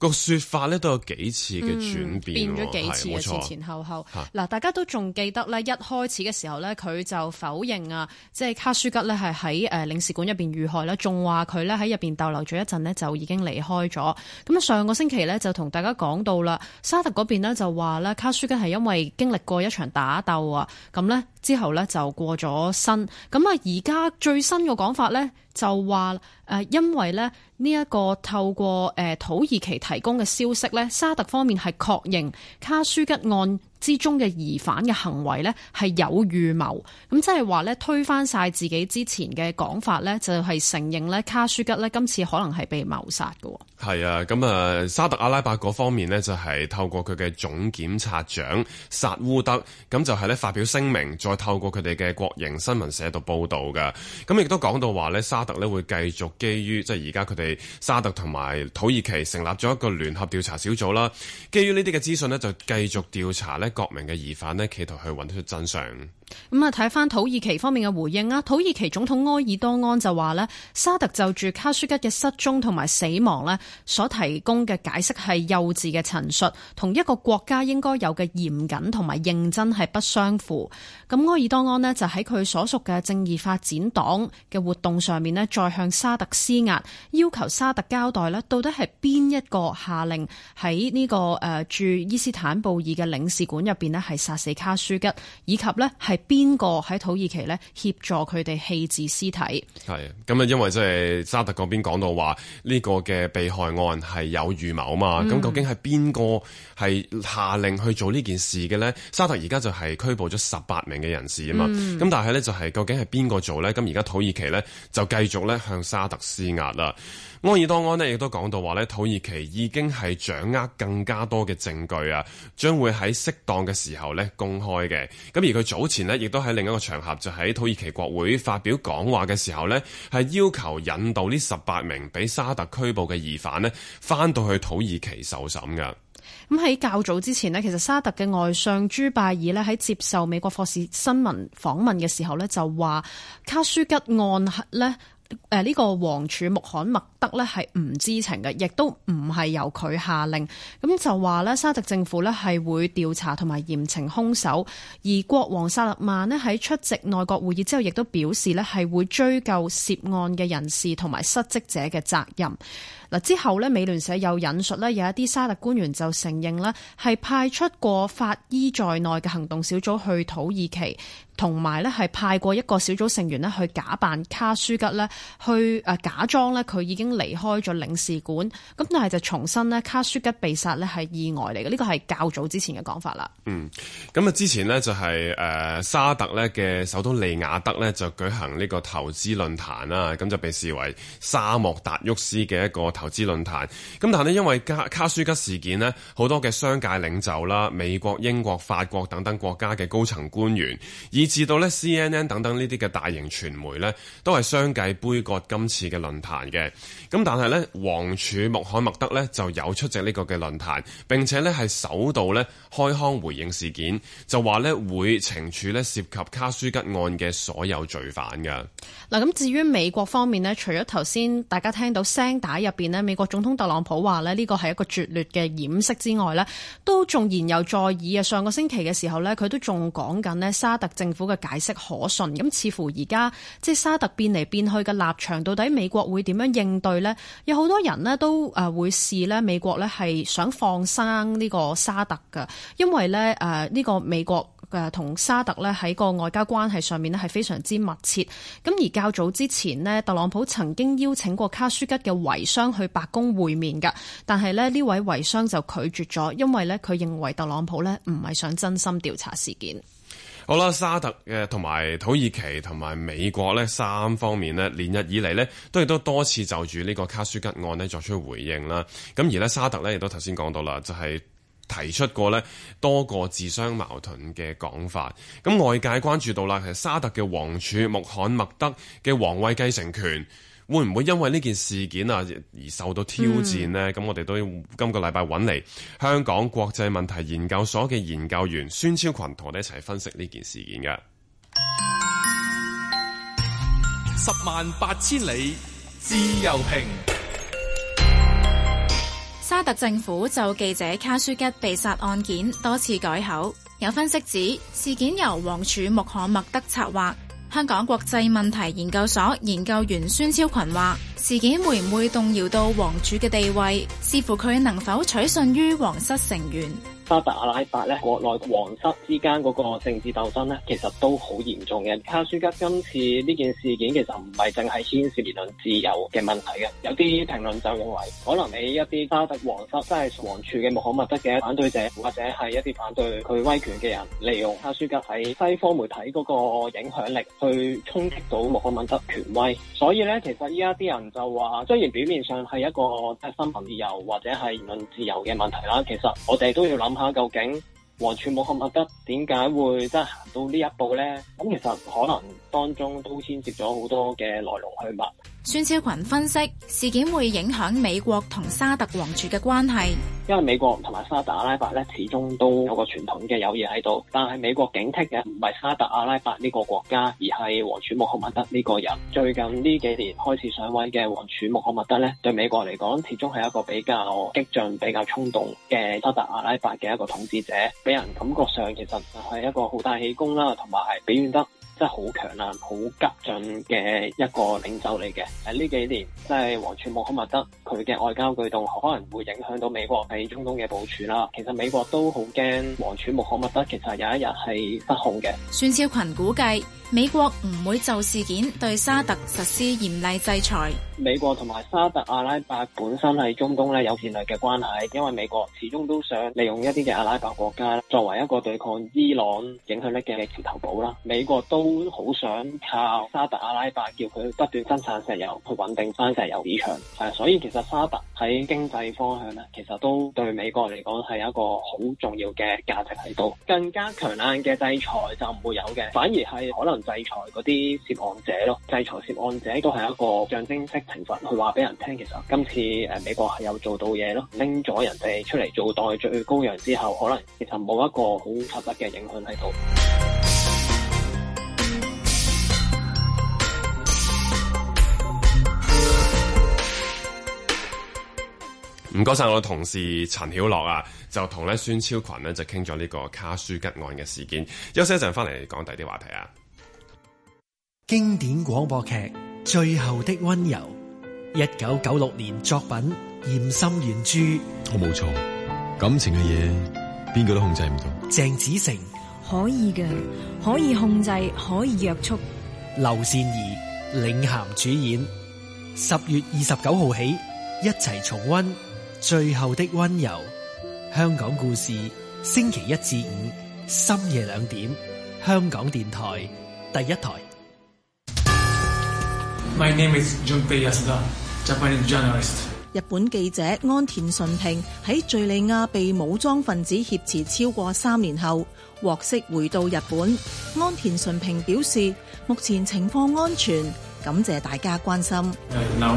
個說法咧都有幾次嘅轉變，嗯、變咗幾次前前後後。嗱，大家都仲記得咧，一開始嘅時候呢，佢就否認啊，即係卡舒吉呢係喺誒領事館入邊遇害啦，仲話佢呢喺入邊逗留咗一陣呢，就已經離開咗。咁上個星期呢，就同大家講到啦，沙特嗰邊呢，就話呢，卡舒吉係因為經歷過一場打鬥啊，咁呢之後呢，就過咗身。咁啊，而家最新嘅講法呢，就話誒，因為呢。呢一個透過誒土耳其提供嘅消息呢，沙特方面係確認卡舒吉案之中嘅疑犯嘅行為咧係有預謀，咁即係話咧推翻晒自己之前嘅講法咧，就係承認咧卡舒吉咧今次可能係被謀殺嘅。係啊，咁啊沙特阿拉伯嗰方面咧就係透過佢嘅總檢察長薩烏德咁就係咧發表聲明，再透過佢哋嘅國營新聞社度報道噶，咁亦都講到話咧沙特咧會繼續基於即係而家佢哋沙特同埋土耳其成立咗一個聯合調查小組啦，基於呢啲嘅資訊咧就繼續調查咧。各名嘅疑犯咧，企圖去揾出真相。咁啊，睇翻土耳其方面嘅回應啦，土耳其總統埃爾多安就話咧，沙特就住卡舒吉嘅失蹤同埋死亡咧，所提供嘅解釋係幼稚嘅陳述，同一個國家應該有嘅嚴謹同埋認真係不相符。咁埃爾多安咧就喺佢所屬嘅正義發展黨嘅活動上面咧，再向沙特施壓，要求沙特交代咧，到底係邊一個下令喺呢、這個誒、呃、駐伊斯坦布爾嘅領事館入邊咧係殺死卡舒吉，以及咧係。邊個喺土耳其咧協助佢哋棄置屍體？係咁啊，因為即係沙特嗰邊講到話呢個嘅被害案係有預謀嘛，咁、嗯、究竟係邊個係下令去做呢件事嘅呢？沙特而家就係拘捕咗十八名嘅人士啊嘛，咁、嗯、但係呢，就係究竟係邊個做呢？咁而家土耳其呢，就繼續咧向沙特施壓啦。埃爾多安呢，亦都講到話咧，土耳其已經係掌握更加多嘅證據啊，將會喺適當嘅時候咧公開嘅。咁而佢早前呢，亦都喺另一個場合，就喺土耳其國會發表講話嘅時候呢，係要求引渡呢十八名俾沙特拘捕嘅疑犯呢，翻到去土耳其受審噶。咁喺較早之前呢，其實沙特嘅外相朱拜爾呢，喺接受美國《霍士》新聞訪問嘅時候呢，就話卡舒吉案呢。誒，呢個王儲穆罕默德呢係唔知情嘅，亦都唔係由佢下令。咁就話呢，沙特政府呢係會調查同埋嚴懲兇手，而國王薩勒曼呢，喺出席內閣會議之後，亦都表示呢係會追究涉案嘅人士同埋失職者嘅責任。嗱，之後呢，美聯社有引述呢，有一啲沙特官員就承認呢係派出過法醫在內嘅行動小組去土耳其。同埋咧，係派過一個小組成員呢去假扮卡舒吉呢去假裝呢，佢已經離開咗領事館。咁但係就重新呢，卡舒吉被殺呢係意外嚟嘅。呢個係較早之前嘅講法啦。嗯，咁啊，之前呢、就是，就係誒沙特呢嘅首都利雅得呢，就舉行呢個投資論壇啦。咁就被視為沙漠達沃斯嘅一個投資論壇。咁但係呢，因為卡卡舒吉事件呢，好多嘅商界領袖啦，美國、英國、法國等等國家嘅高層官員以至到咧，CNN 等等呢啲嘅大型傳媒咧，都係相繼杯葛今次嘅論壇嘅。咁但係咧，王儲穆罕默德咧就有出席呢個嘅論壇，並且咧係首度咧開腔回應事件，就話咧會懲處咧涉及卡舒吉案嘅所有罪犯噶。嗱，咁至於美國方面咧，除咗頭先大家聽到聲帶入邊咧，美國總統特朗普話咧呢個係一個拙劣嘅掩飾之外咧，都仲言猶在耳啊。上個星期嘅時候咧，佢都仲講緊咧沙特政。政府嘅解釋可信，咁似乎而家即係沙特變嚟變去嘅立場，到底美國會點樣應對呢？有好多人呢都誒會視呢美國呢係想放生呢個沙特㗎，因為呢誒呢個美國同沙特呢喺個外交關係上面呢係非常之密切。咁而較早之前呢，特朗普曾經邀請過卡舒吉嘅遺孀去白宮會面㗎。但係呢呢位遺孀就拒絕咗，因為呢佢認為特朗普呢唔係想真心調查事件。好啦，沙特嘅同埋土耳其同埋美國呢三方面咧，連日以嚟咧，都亦都多次就住呢個卡舒吉案咧作出回應啦。咁而咧沙特呢，亦都頭先講到啦，就係、是、提出過呢多個自相矛盾嘅講法。咁外界關注到啦，其實沙特嘅王儲穆罕默德嘅皇位繼承權。會唔會因為呢件事件啊而受到挑戰呢？咁、嗯、我哋都要今個禮拜揾嚟香港國際問題研究所嘅研究員孫超群同我哋一齊分析呢件事件嘅、嗯。十萬八千里自由評，沙特政府就記者卡舒吉被殺案件多次改口，有分析指事件由王儲穆罕默德策劃。香港國際問題研究所研究員孫超群話：事件會唔會動搖到王儲嘅地位，視乎佢能否取信於皇室成員。沙特阿拉伯咧，國內皇室之間嗰個政治鬥爭咧，其實都好嚴重嘅。卡舒吉今次呢件事件其實唔係淨係牽涉言論自由嘅問題嘅，有啲評論就認為，可能你一啲沙特皇室即係皇儲嘅穆罕默德嘅反對者，或者係一啲反對佢威權嘅人，利用卡舒吉喺西方媒體嗰個影響力，去衝擊到穆罕默德權威。所以咧，其實依家啲人就話，雖然表面上係一個新聞自由或者係言論自由嘅問題啦，其實我哋都要諗。啊！究竟完全冇合唔合得，點解會真係行到呢一步咧？咁其實可能當中都牽涉咗好多嘅來龍去脈。孫超群分析事件會影響美國同沙特王儲嘅關係，因為美國同埋沙特阿拉伯咧始終都有個傳統嘅友誼喺度，但係美國警惕嘅唔係沙特阿拉伯呢個國家，而係王儲穆罕默德呢個人。最近呢幾年開始上位嘅王儲穆罕默德咧，對美國嚟講始終係一個比較激進、比較衝動嘅沙特阿拉伯嘅一個統治者，俾人感覺上其實就係一個好大喜功啦，同埋俾怨得。真係好強硬、好急進嘅一個領袖嚟嘅。喺呢幾年，即係王儲穆罕默德佢嘅外交舉動，可能會影響到美國喺中東嘅部署啦。其實美國都好驚王儲穆罕默德其實有一日係失控嘅。孫超群估計，美國唔會就事件對沙特實施嚴厲制裁。美國同埋沙特阿拉伯本身喺中東咧有善類嘅關係，因為美國始終都想利用一啲嘅阿拉伯國家作為一個對抗伊朗影響力嘅橋頭堡啦。美國都。都好想靠沙特阿拉伯叫佢不斷生產石油，去穩定翻石油市場。所以其實沙特喺經濟方向咧，其實都對美國嚟講係一個好重要嘅價值喺度。更加強硬嘅制裁就唔會有嘅，反而係可能制裁嗰啲涉案者咯。制裁涉案者都係一個象徵式懲罰，去話俾人聽。其實今次誒美國係有做到嘢咯，拎咗人哋出嚟做代罪羔羊之後，可能其實冇一個好實質嘅影響喺度。唔該晒，我同事陳曉樂啊，就同咧孫超群咧、啊、就傾咗呢個卡舒吉案嘅事件。休息一陣翻嚟講第啲話題啊！經典廣播劇《最後的温柔》，一九九六年作品《嚴沁原著》。我冇錯，感情嘅嘢邊個都控制唔到。鄭子誠可以嘅，可以控制，可以約束。劉善儀、領銜主演，十月二十九號起一齊重温。最後的溫柔，香港故事，星期一至五深夜兩點香港電台第一台。My name is Junpei Yasuda, Japanese journalist. 日本記者安田純平喺敘利亞被武裝分子挾持超過三年後獲釋，回到日本。安田純平表示目前情況安全，感謝大家關心。uh, now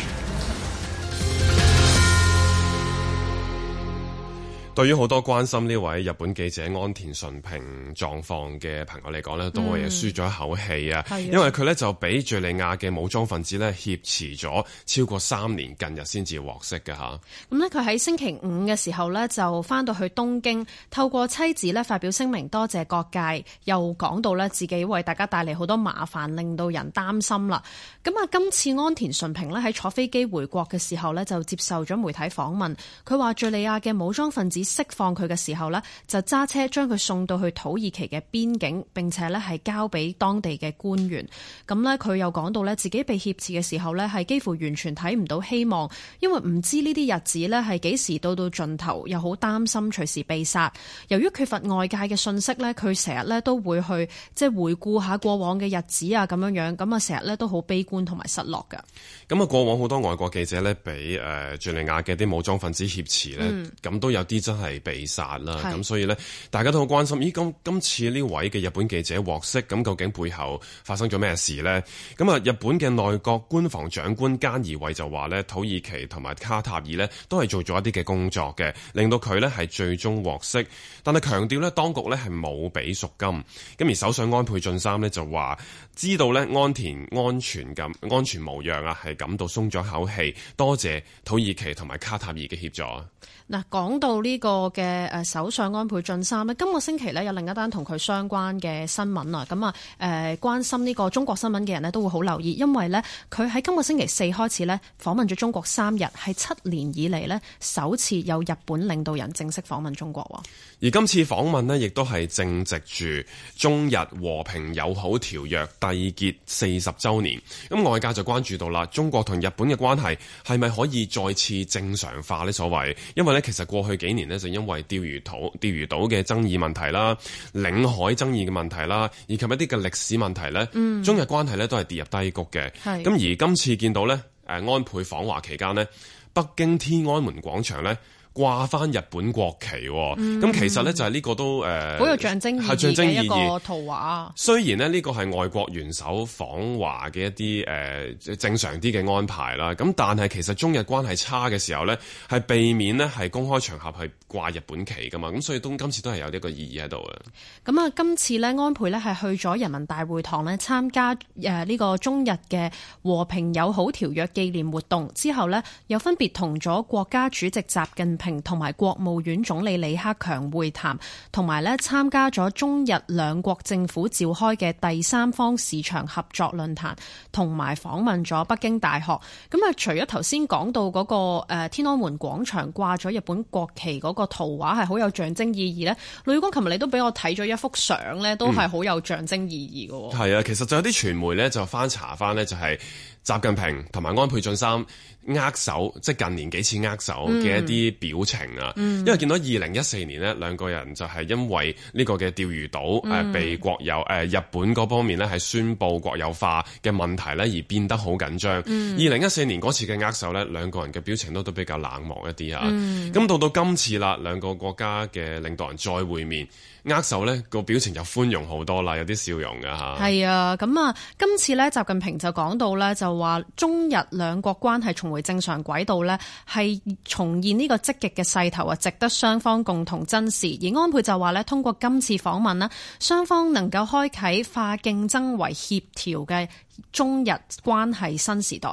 對於好多關心呢位日本記者安田純平狀況嘅朋友嚟講呢都係舒咗一口氣啊、嗯！因為佢呢就俾敘利亞嘅武裝分子呢挾持咗超過三年，近日先至獲釋㗎。咁呢佢喺星期五嘅時候呢，就返到去東京，透過妻子呢發表聲明，多謝各界，又講到呢自己為大家帶嚟好多麻煩，令到人擔心啦。咁、嗯、啊，今次安田純平呢喺坐飛機回國嘅時候呢，就接受咗媒體訪問，佢話敘利亞嘅武裝分子釋放佢嘅時候呢，就揸車將佢送到去土耳其嘅邊境，並且呢係交俾當地嘅官員。咁呢，佢又講到呢，自己被挾持嘅時候呢，係幾乎完全睇唔到希望，因為唔知呢啲日子呢係幾時到到盡頭，又好擔心隨時被殺。由於缺乏外界嘅信息呢，佢成日呢都會去即係回顧下過往嘅日子啊，咁樣樣咁啊，成日呢都好悲觀同埋失落噶。咁啊，過往好多外國記者呢，俾誒敘利亞嘅啲武裝分子挾持呢，咁、嗯、都有啲。真係被殺啦，咁所以呢，大家都好關心。咦，今今次呢位嘅日本記者獲釋，咁究竟背後發生咗咩事呢？咁啊，日本嘅內閣官房長官菅義偉就話呢，土耳其同埋卡塔爾呢都係做咗一啲嘅工作嘅，令到佢呢係最終獲釋。但係強調呢，當局呢係冇俾贖金。咁而首相安倍晉三呢就話，知道呢安田安全咁安全無恙啊，係感到鬆咗口氣，多謝土耳其同埋卡塔爾嘅協助。嗱，講到呢個嘅誒首相安倍晉三呢，今個星期呢有另一單同佢相關嘅新聞啊，咁啊誒，關心呢個中國新聞嘅人呢都會好留意，因為呢佢喺今個星期四開始呢訪問咗中國三日，係七年以嚟呢首次有日本領導人正式訪問中國喎。而今次訪問呢亦都係正值住中日和平友好條約締結四十週年，咁外界就關注到啦，中國同日本嘅關係係咪可以再次正常化呢？所謂，因為呢其實過去幾年呢，就因為釣魚島，釣魚島嘅爭議問題啦，領海爭議嘅問題啦，以及一啲嘅歷史問題呢，嗯，中日關係呢都係跌入低谷嘅。係咁而今次見到呢，誒安倍訪華期間呢，北京天安門廣場呢。掛翻日本國旗，咁、嗯、其實呢就係呢個都誒，好、呃、有、那個、象徵意義嘅一個圖畫。雖然呢，呢個係外國元首訪華嘅一啲誒、呃、正常啲嘅安排啦，咁但係其實中日關係差嘅時候呢，係避免呢，係公開場合去掛日本旗噶嘛，咁所以都今次都係有呢個意義喺度嘅。咁、嗯、啊，今次呢，安倍呢係去咗人民大會堂呢參加誒呢個中日嘅和平友好條約紀念活動之後呢，又分別同咗國家主席習近平。同埋國務院總理李克強會談，同埋咧參加咗中日兩國政府召開嘅第三方市場合作論壇，同埋訪問咗北京大學。咁啊，除咗頭先講到嗰個天安門廣場掛咗日本國旗嗰個圖畫係好有象徵意義呢，女工琴日你都俾我睇咗一幅相呢，都係好有象徵意義嘅。係、嗯、啊，其實就有啲傳媒咧就翻查返呢，就係、是。習近平同埋安倍晉三握手，即係近年幾次握手嘅一啲表情啊、嗯嗯。因為見到二零一四年咧，兩個人就係因為呢個嘅釣魚島誒、嗯、被國有誒日本嗰方面咧係宣布國有化嘅問題咧而變得好緊張。二零一四年嗰次嘅握手咧，兩個人嘅表情都都比較冷漠一啲啊。咁、嗯、到到今次啦，兩個國家嘅領導人再會面。握手呢個表情就寬容好多啦，有啲笑容噶吓。係啊，咁啊，今次呢，習近平就講到呢，就話中日兩國關係重回正常軌道呢，係重現呢個積極嘅勢頭啊，值得雙方共同珍視。而安倍就話呢，通過今次訪問呢，雙方能夠開啟化競爭為協調嘅中日關係新時代。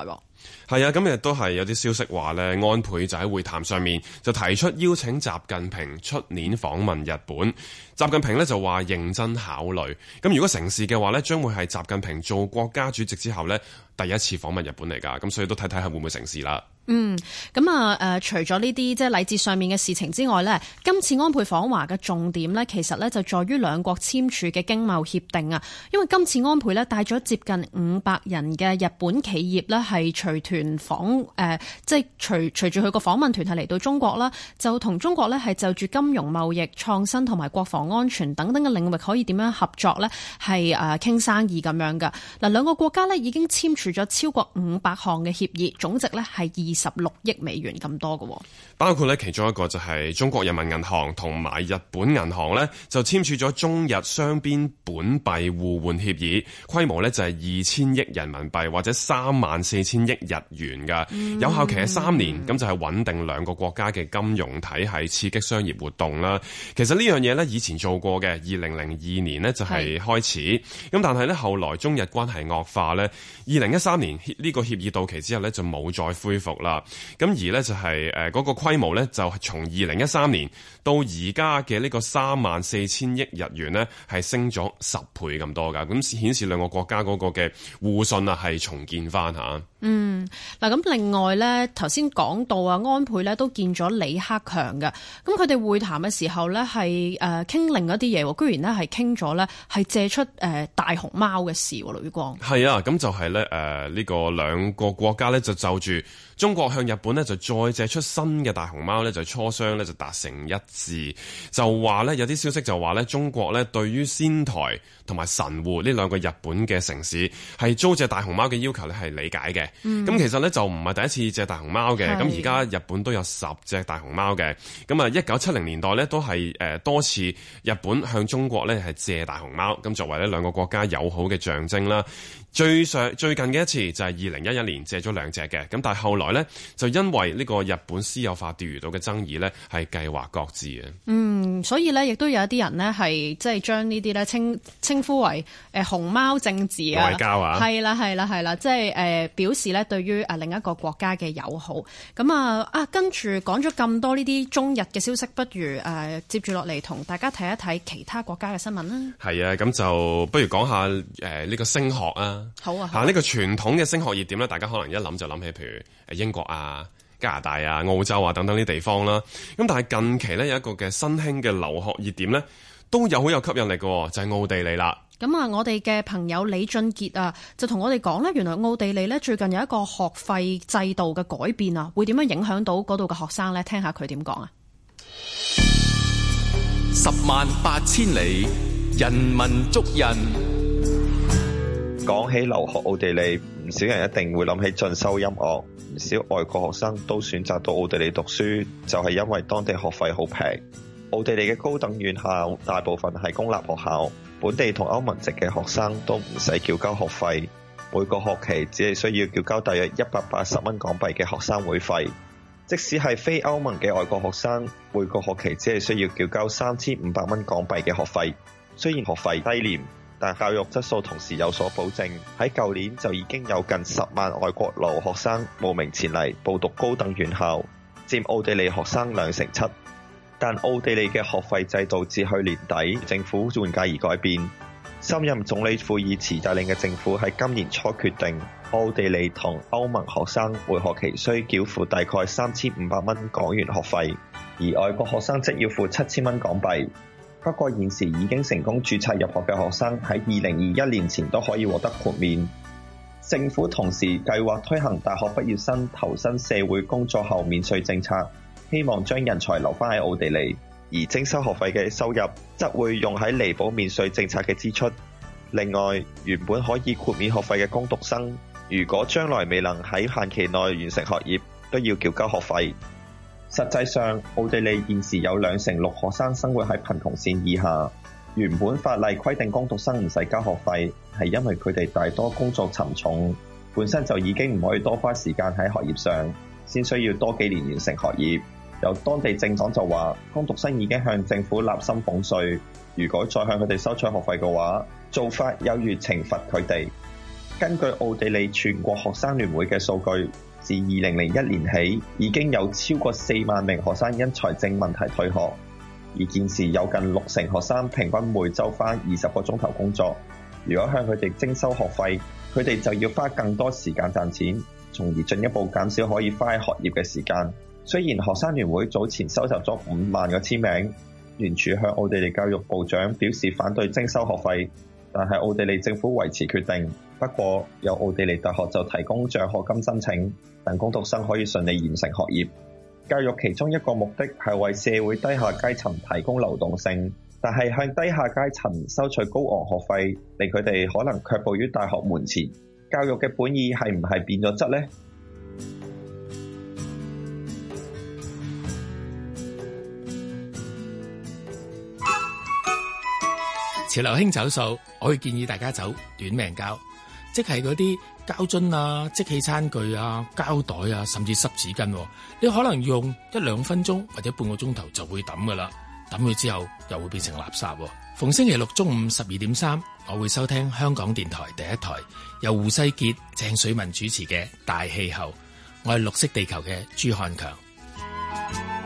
係啊，今日都係有啲消息話呢，安倍就喺會談上面就提出邀請習近平出年訪問日本。習近平呢就話認真考慮，咁如果成事嘅話呢，將會係習近平做國家主席之後呢第一次訪問日本嚟㗎，咁所以都睇睇係會唔會成事啦。嗯、咁、嗯、啊、誒、呃，除咗呢啲即係禮節上面嘅事情之外呢，今次安倍訪華嘅重點呢，其實呢就在於兩國簽署嘅經貿協定啊。因為今次安倍呢帶咗接近五百人嘅日本企業呢係隨團訪、誒、呃，即係隨隨住佢個訪問團係嚟到中國啦，就同中國呢係就住金融貿易創新同埋國防，安全等等嘅領域可以點樣合作咧？係誒傾生意咁樣嘅嗱，兩個國家咧已經簽署咗超過五百項嘅協議，總值咧係二十六億美元咁多嘅。包括咧其中一個就係中國人民銀行同埋日本銀行咧，就簽署咗中日雙邊本幣互換協議，規模咧就係二千億人民幣或者三萬四千億日元嘅有效期係三年，咁、嗯、就係穩定兩個國家嘅金融體系，刺激商業活動啦。其實呢樣嘢咧以前。做過嘅，二零零二年呢就係開始，咁但係呢，後來中日關係惡化呢，二零一三年呢個協議到期之後呢，就冇再恢復啦。咁而呢，就係誒嗰個規模呢，就從二零一三年到而家嘅，呢個三萬四千億日元呢，係升咗十倍咁多噶，咁顯示兩個國家嗰個嘅互信啊係重建翻吓。嗯，嗱咁另外呢，頭先講到啊，安倍呢都見咗李克強噶，咁佢哋會談嘅時候呢，係誒傾。另一啲嘢，居然呢係傾咗呢，係借出、呃、大熊貓嘅事。雷光係啊，咁、啊、就係、是、呢，誒、呃、呢、這個兩個國家呢，就就住中國向日本呢，就再借出新嘅大熊貓呢，就初商呢，就達成一致，就話呢，有啲消息就話呢，中國呢，對於仙台同埋神戶呢兩個日本嘅城市係租借大熊貓嘅要求呢係理解嘅。咁、嗯、其實呢，就唔係第一次借大熊貓嘅，咁而家日本都有十隻大熊貓嘅。咁啊，一九七零年代呢，都、呃、係多次。日本向中國咧係借大熊貓，咁作為咧兩個國家友好嘅象徵啦。最上最近嘅一次就係二零一一年借咗兩隻嘅，咁但係後來呢，就因為呢個日本私有化釣魚島嘅爭議呢係計劃擱置嘅。嗯，所以呢，亦都有一啲人呢係即係將呢啲呢稱稱呼為誒熊、呃、貓政治外、啊、交啊，係啦係啦係啦，即係、啊、誒表示呢對於另一個國家嘅友好。咁啊啊跟住講咗咁多呢啲中日嘅消息，不如、啊、接住落嚟同大家睇一睇其他國家嘅新聞啦。係啊，咁、啊、就不如講下呢個星學啊。好啊！吓呢、啊啊這個傳統嘅升學熱點咧，大家可能一諗就諗起，譬如英國啊、加拿大啊、澳洲啊等等啲地方啦。咁但係近期呢，有一個嘅新興嘅留學熱點呢，都有好有吸引力嘅，就係、是、奧地利啦。咁啊，我哋嘅朋友李俊杰啊，就同我哋講呢，原來奧地利呢，最近有一個學費制度嘅改變啊，會點樣影響到嗰度嘅學生呢？聽下佢點講啊！十萬八千里，人民捉人。講起留學奧地利，唔少人一定會諗起進修音樂。唔少外國學生都選擇到奧地利讀書，就係因為當地學費好平。奧地利嘅高等院校大部分係公立學校，本地同歐盟籍嘅學生都唔使繳交學費。每個學期只係需要繳交大約一百八十蚊港幣嘅學生會費。即使係非歐盟嘅外國學生，每個學期只係需要繳交三千五百蚊港幣嘅學費。雖然學費低廉，但教育質素同時有所保證，喺舊年就已經有近十萬外國留學生慕名前嚟報讀高等院校，佔奧地利學生兩成七。但奧地利嘅學費制度至去年底政府換屆，而改變，新任總理庫爾茨帶領嘅政府喺今年初決定，奧地利同歐盟學生每學期需繳付大概三千五百蚊港元學費，而外國學生即要付七千蚊港幣。不過現時已經成功註冊入學嘅學生喺二零二一年前都可以獲得豁免。政府同時計劃推行大學畢業生投身社會工作後免稅政策，希望將人才留翻喺奧地利。而徵收學費嘅收入則會用喺彌補免稅政策嘅支出。另外，原本可以豁免學費嘅公讀生，如果將來未能喺限期內完成學業，都要繳交學費。實際上，奧地利現時有兩成六學生生活喺貧窮線以下。原本法例規定，工讀生唔使交學費，係因為佢哋大多工作沉重，本身就已經唔可以多花時間喺學業上，先需要多幾年完成學業。有當地政黨就話，工讀生已經向政府立心捧稅，如果再向佢哋收取學費嘅話，做法有如懲罰佢哋。根據奧地利全國學生聯會嘅數據。自2001年起，已經有超過4萬名學生因財政問題退學，而現時有近六成學生平均每周翻二十個鐘頭工作。如果向佢哋徵收學費，佢哋就要花更多時間賺錢，從而進一步減少可以花喺學業嘅時間。雖然學生聯會早前收集咗五萬個簽名，聯署向奧地利教育部長表示反對徵收學費，但係奧地利政府維持決定。不過有奧地利大學就提供獎學金申請，等工讀生可以順利完成學業。教育其中一個目的係為社會低下階層提供流動性，但係向低下階層收取高昂學費，令佢哋可能卻步於大學門前。教育嘅本意係唔係變咗質呢？潮流興走數，我會建議大家走短命教。即係嗰啲膠樽啊、即棄餐具啊、膠袋啊，甚至濕紙巾啊，你可能用一兩分鐘或者半個鐘頭就會抌噶啦，抌佢之後又會變成垃圾啊。逢星期六中午十二點三，我會收聽香港電台第一台，由胡世傑、鄭水文主持嘅《大氣候》，我係綠色地球嘅朱漢強。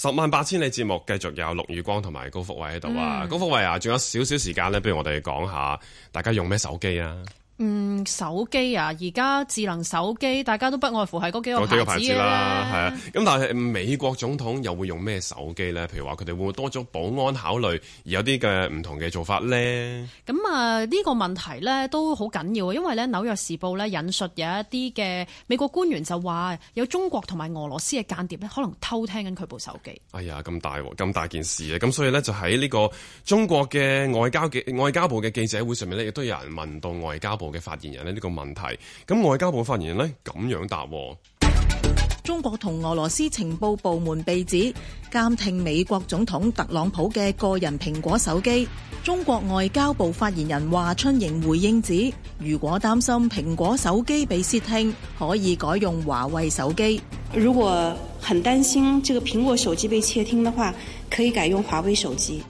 十萬八千里節目繼續有陸雨光同埋高福偉喺度啊！高福偉啊，仲有少少時間咧，不如我哋講下大家用咩手機啊？嗯，手機啊，而家智能手機大家都不外乎係嗰幾個牌子啦，係啊。咁、嗯、但係美國總統又會用咩手機咧？譬如話佢哋會多咗保安考慮，而有啲嘅唔同嘅做法咧。咁、嗯、啊，呢、這個問題咧都好緊要，因為咧紐約時報咧引述有一啲嘅美國官員就話有中國同埋俄羅斯嘅間諜咧，可能偷聽緊佢部手機。哎呀，咁大咁大件事啊！咁所以咧就喺呢個中國嘅外交嘅外交部嘅記者會上面咧，亦都有人問到外交部。嘅發言人呢呢個問題，咁外交部發言人呢咁樣答：中國同俄羅斯情報部門被指監聽美國總統特朗普嘅個人蘋果手機。中國外交部發言人華春瑩回應指：如果擔心蘋果手機被竊聽，可以改用華為手機。如果很擔心這個蘋果手機被竊聽的話，可以改用華為手機。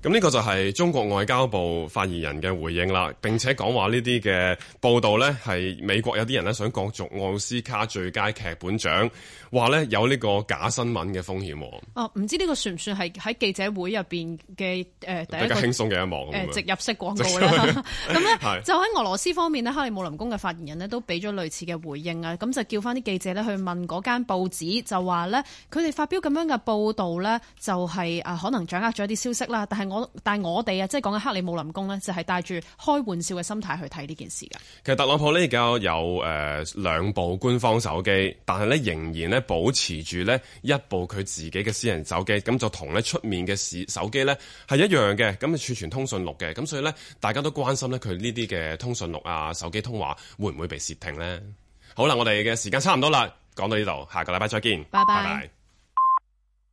咁呢個就係中國外交部發言人嘅回應啦，並且講話呢啲嘅報道呢，係美國有啲人呢想角逐奧斯卡最佳劇本獎，話呢，有呢個假新聞嘅風險。哦、啊，唔知呢個算唔算係喺記者會入面嘅誒、呃，第一個比較輕鬆嘅一幕，呃。植入式廣告啦。咁呢，呢 呢就喺俄羅斯方面呢克里姆林宮嘅發言人呢都俾咗類似嘅回應啊，咁就叫翻啲記者呢去問嗰間報紙，就話呢，佢哋發表咁樣嘅報道呢、就係，就係啊可能掌握咗一啲消息啦，但係我但係，我哋啊，即係講緊克里姆林宮咧，就係帶住開玩笑嘅心態去睇呢件事㗎。其實特朗普呢，而家有誒兩部官方手機，但係咧仍然咧保持住咧一部佢自己嘅私人手機，咁就同咧出面嘅市手機咧係一樣嘅，咁啊儲存通訊錄嘅，咁所以咧大家都關心咧佢呢啲嘅通訊錄啊，手機通話會唔會被竊聽咧？好啦，我哋嘅時間差唔多啦，講到呢度，下個禮拜再見，拜拜。Bye bye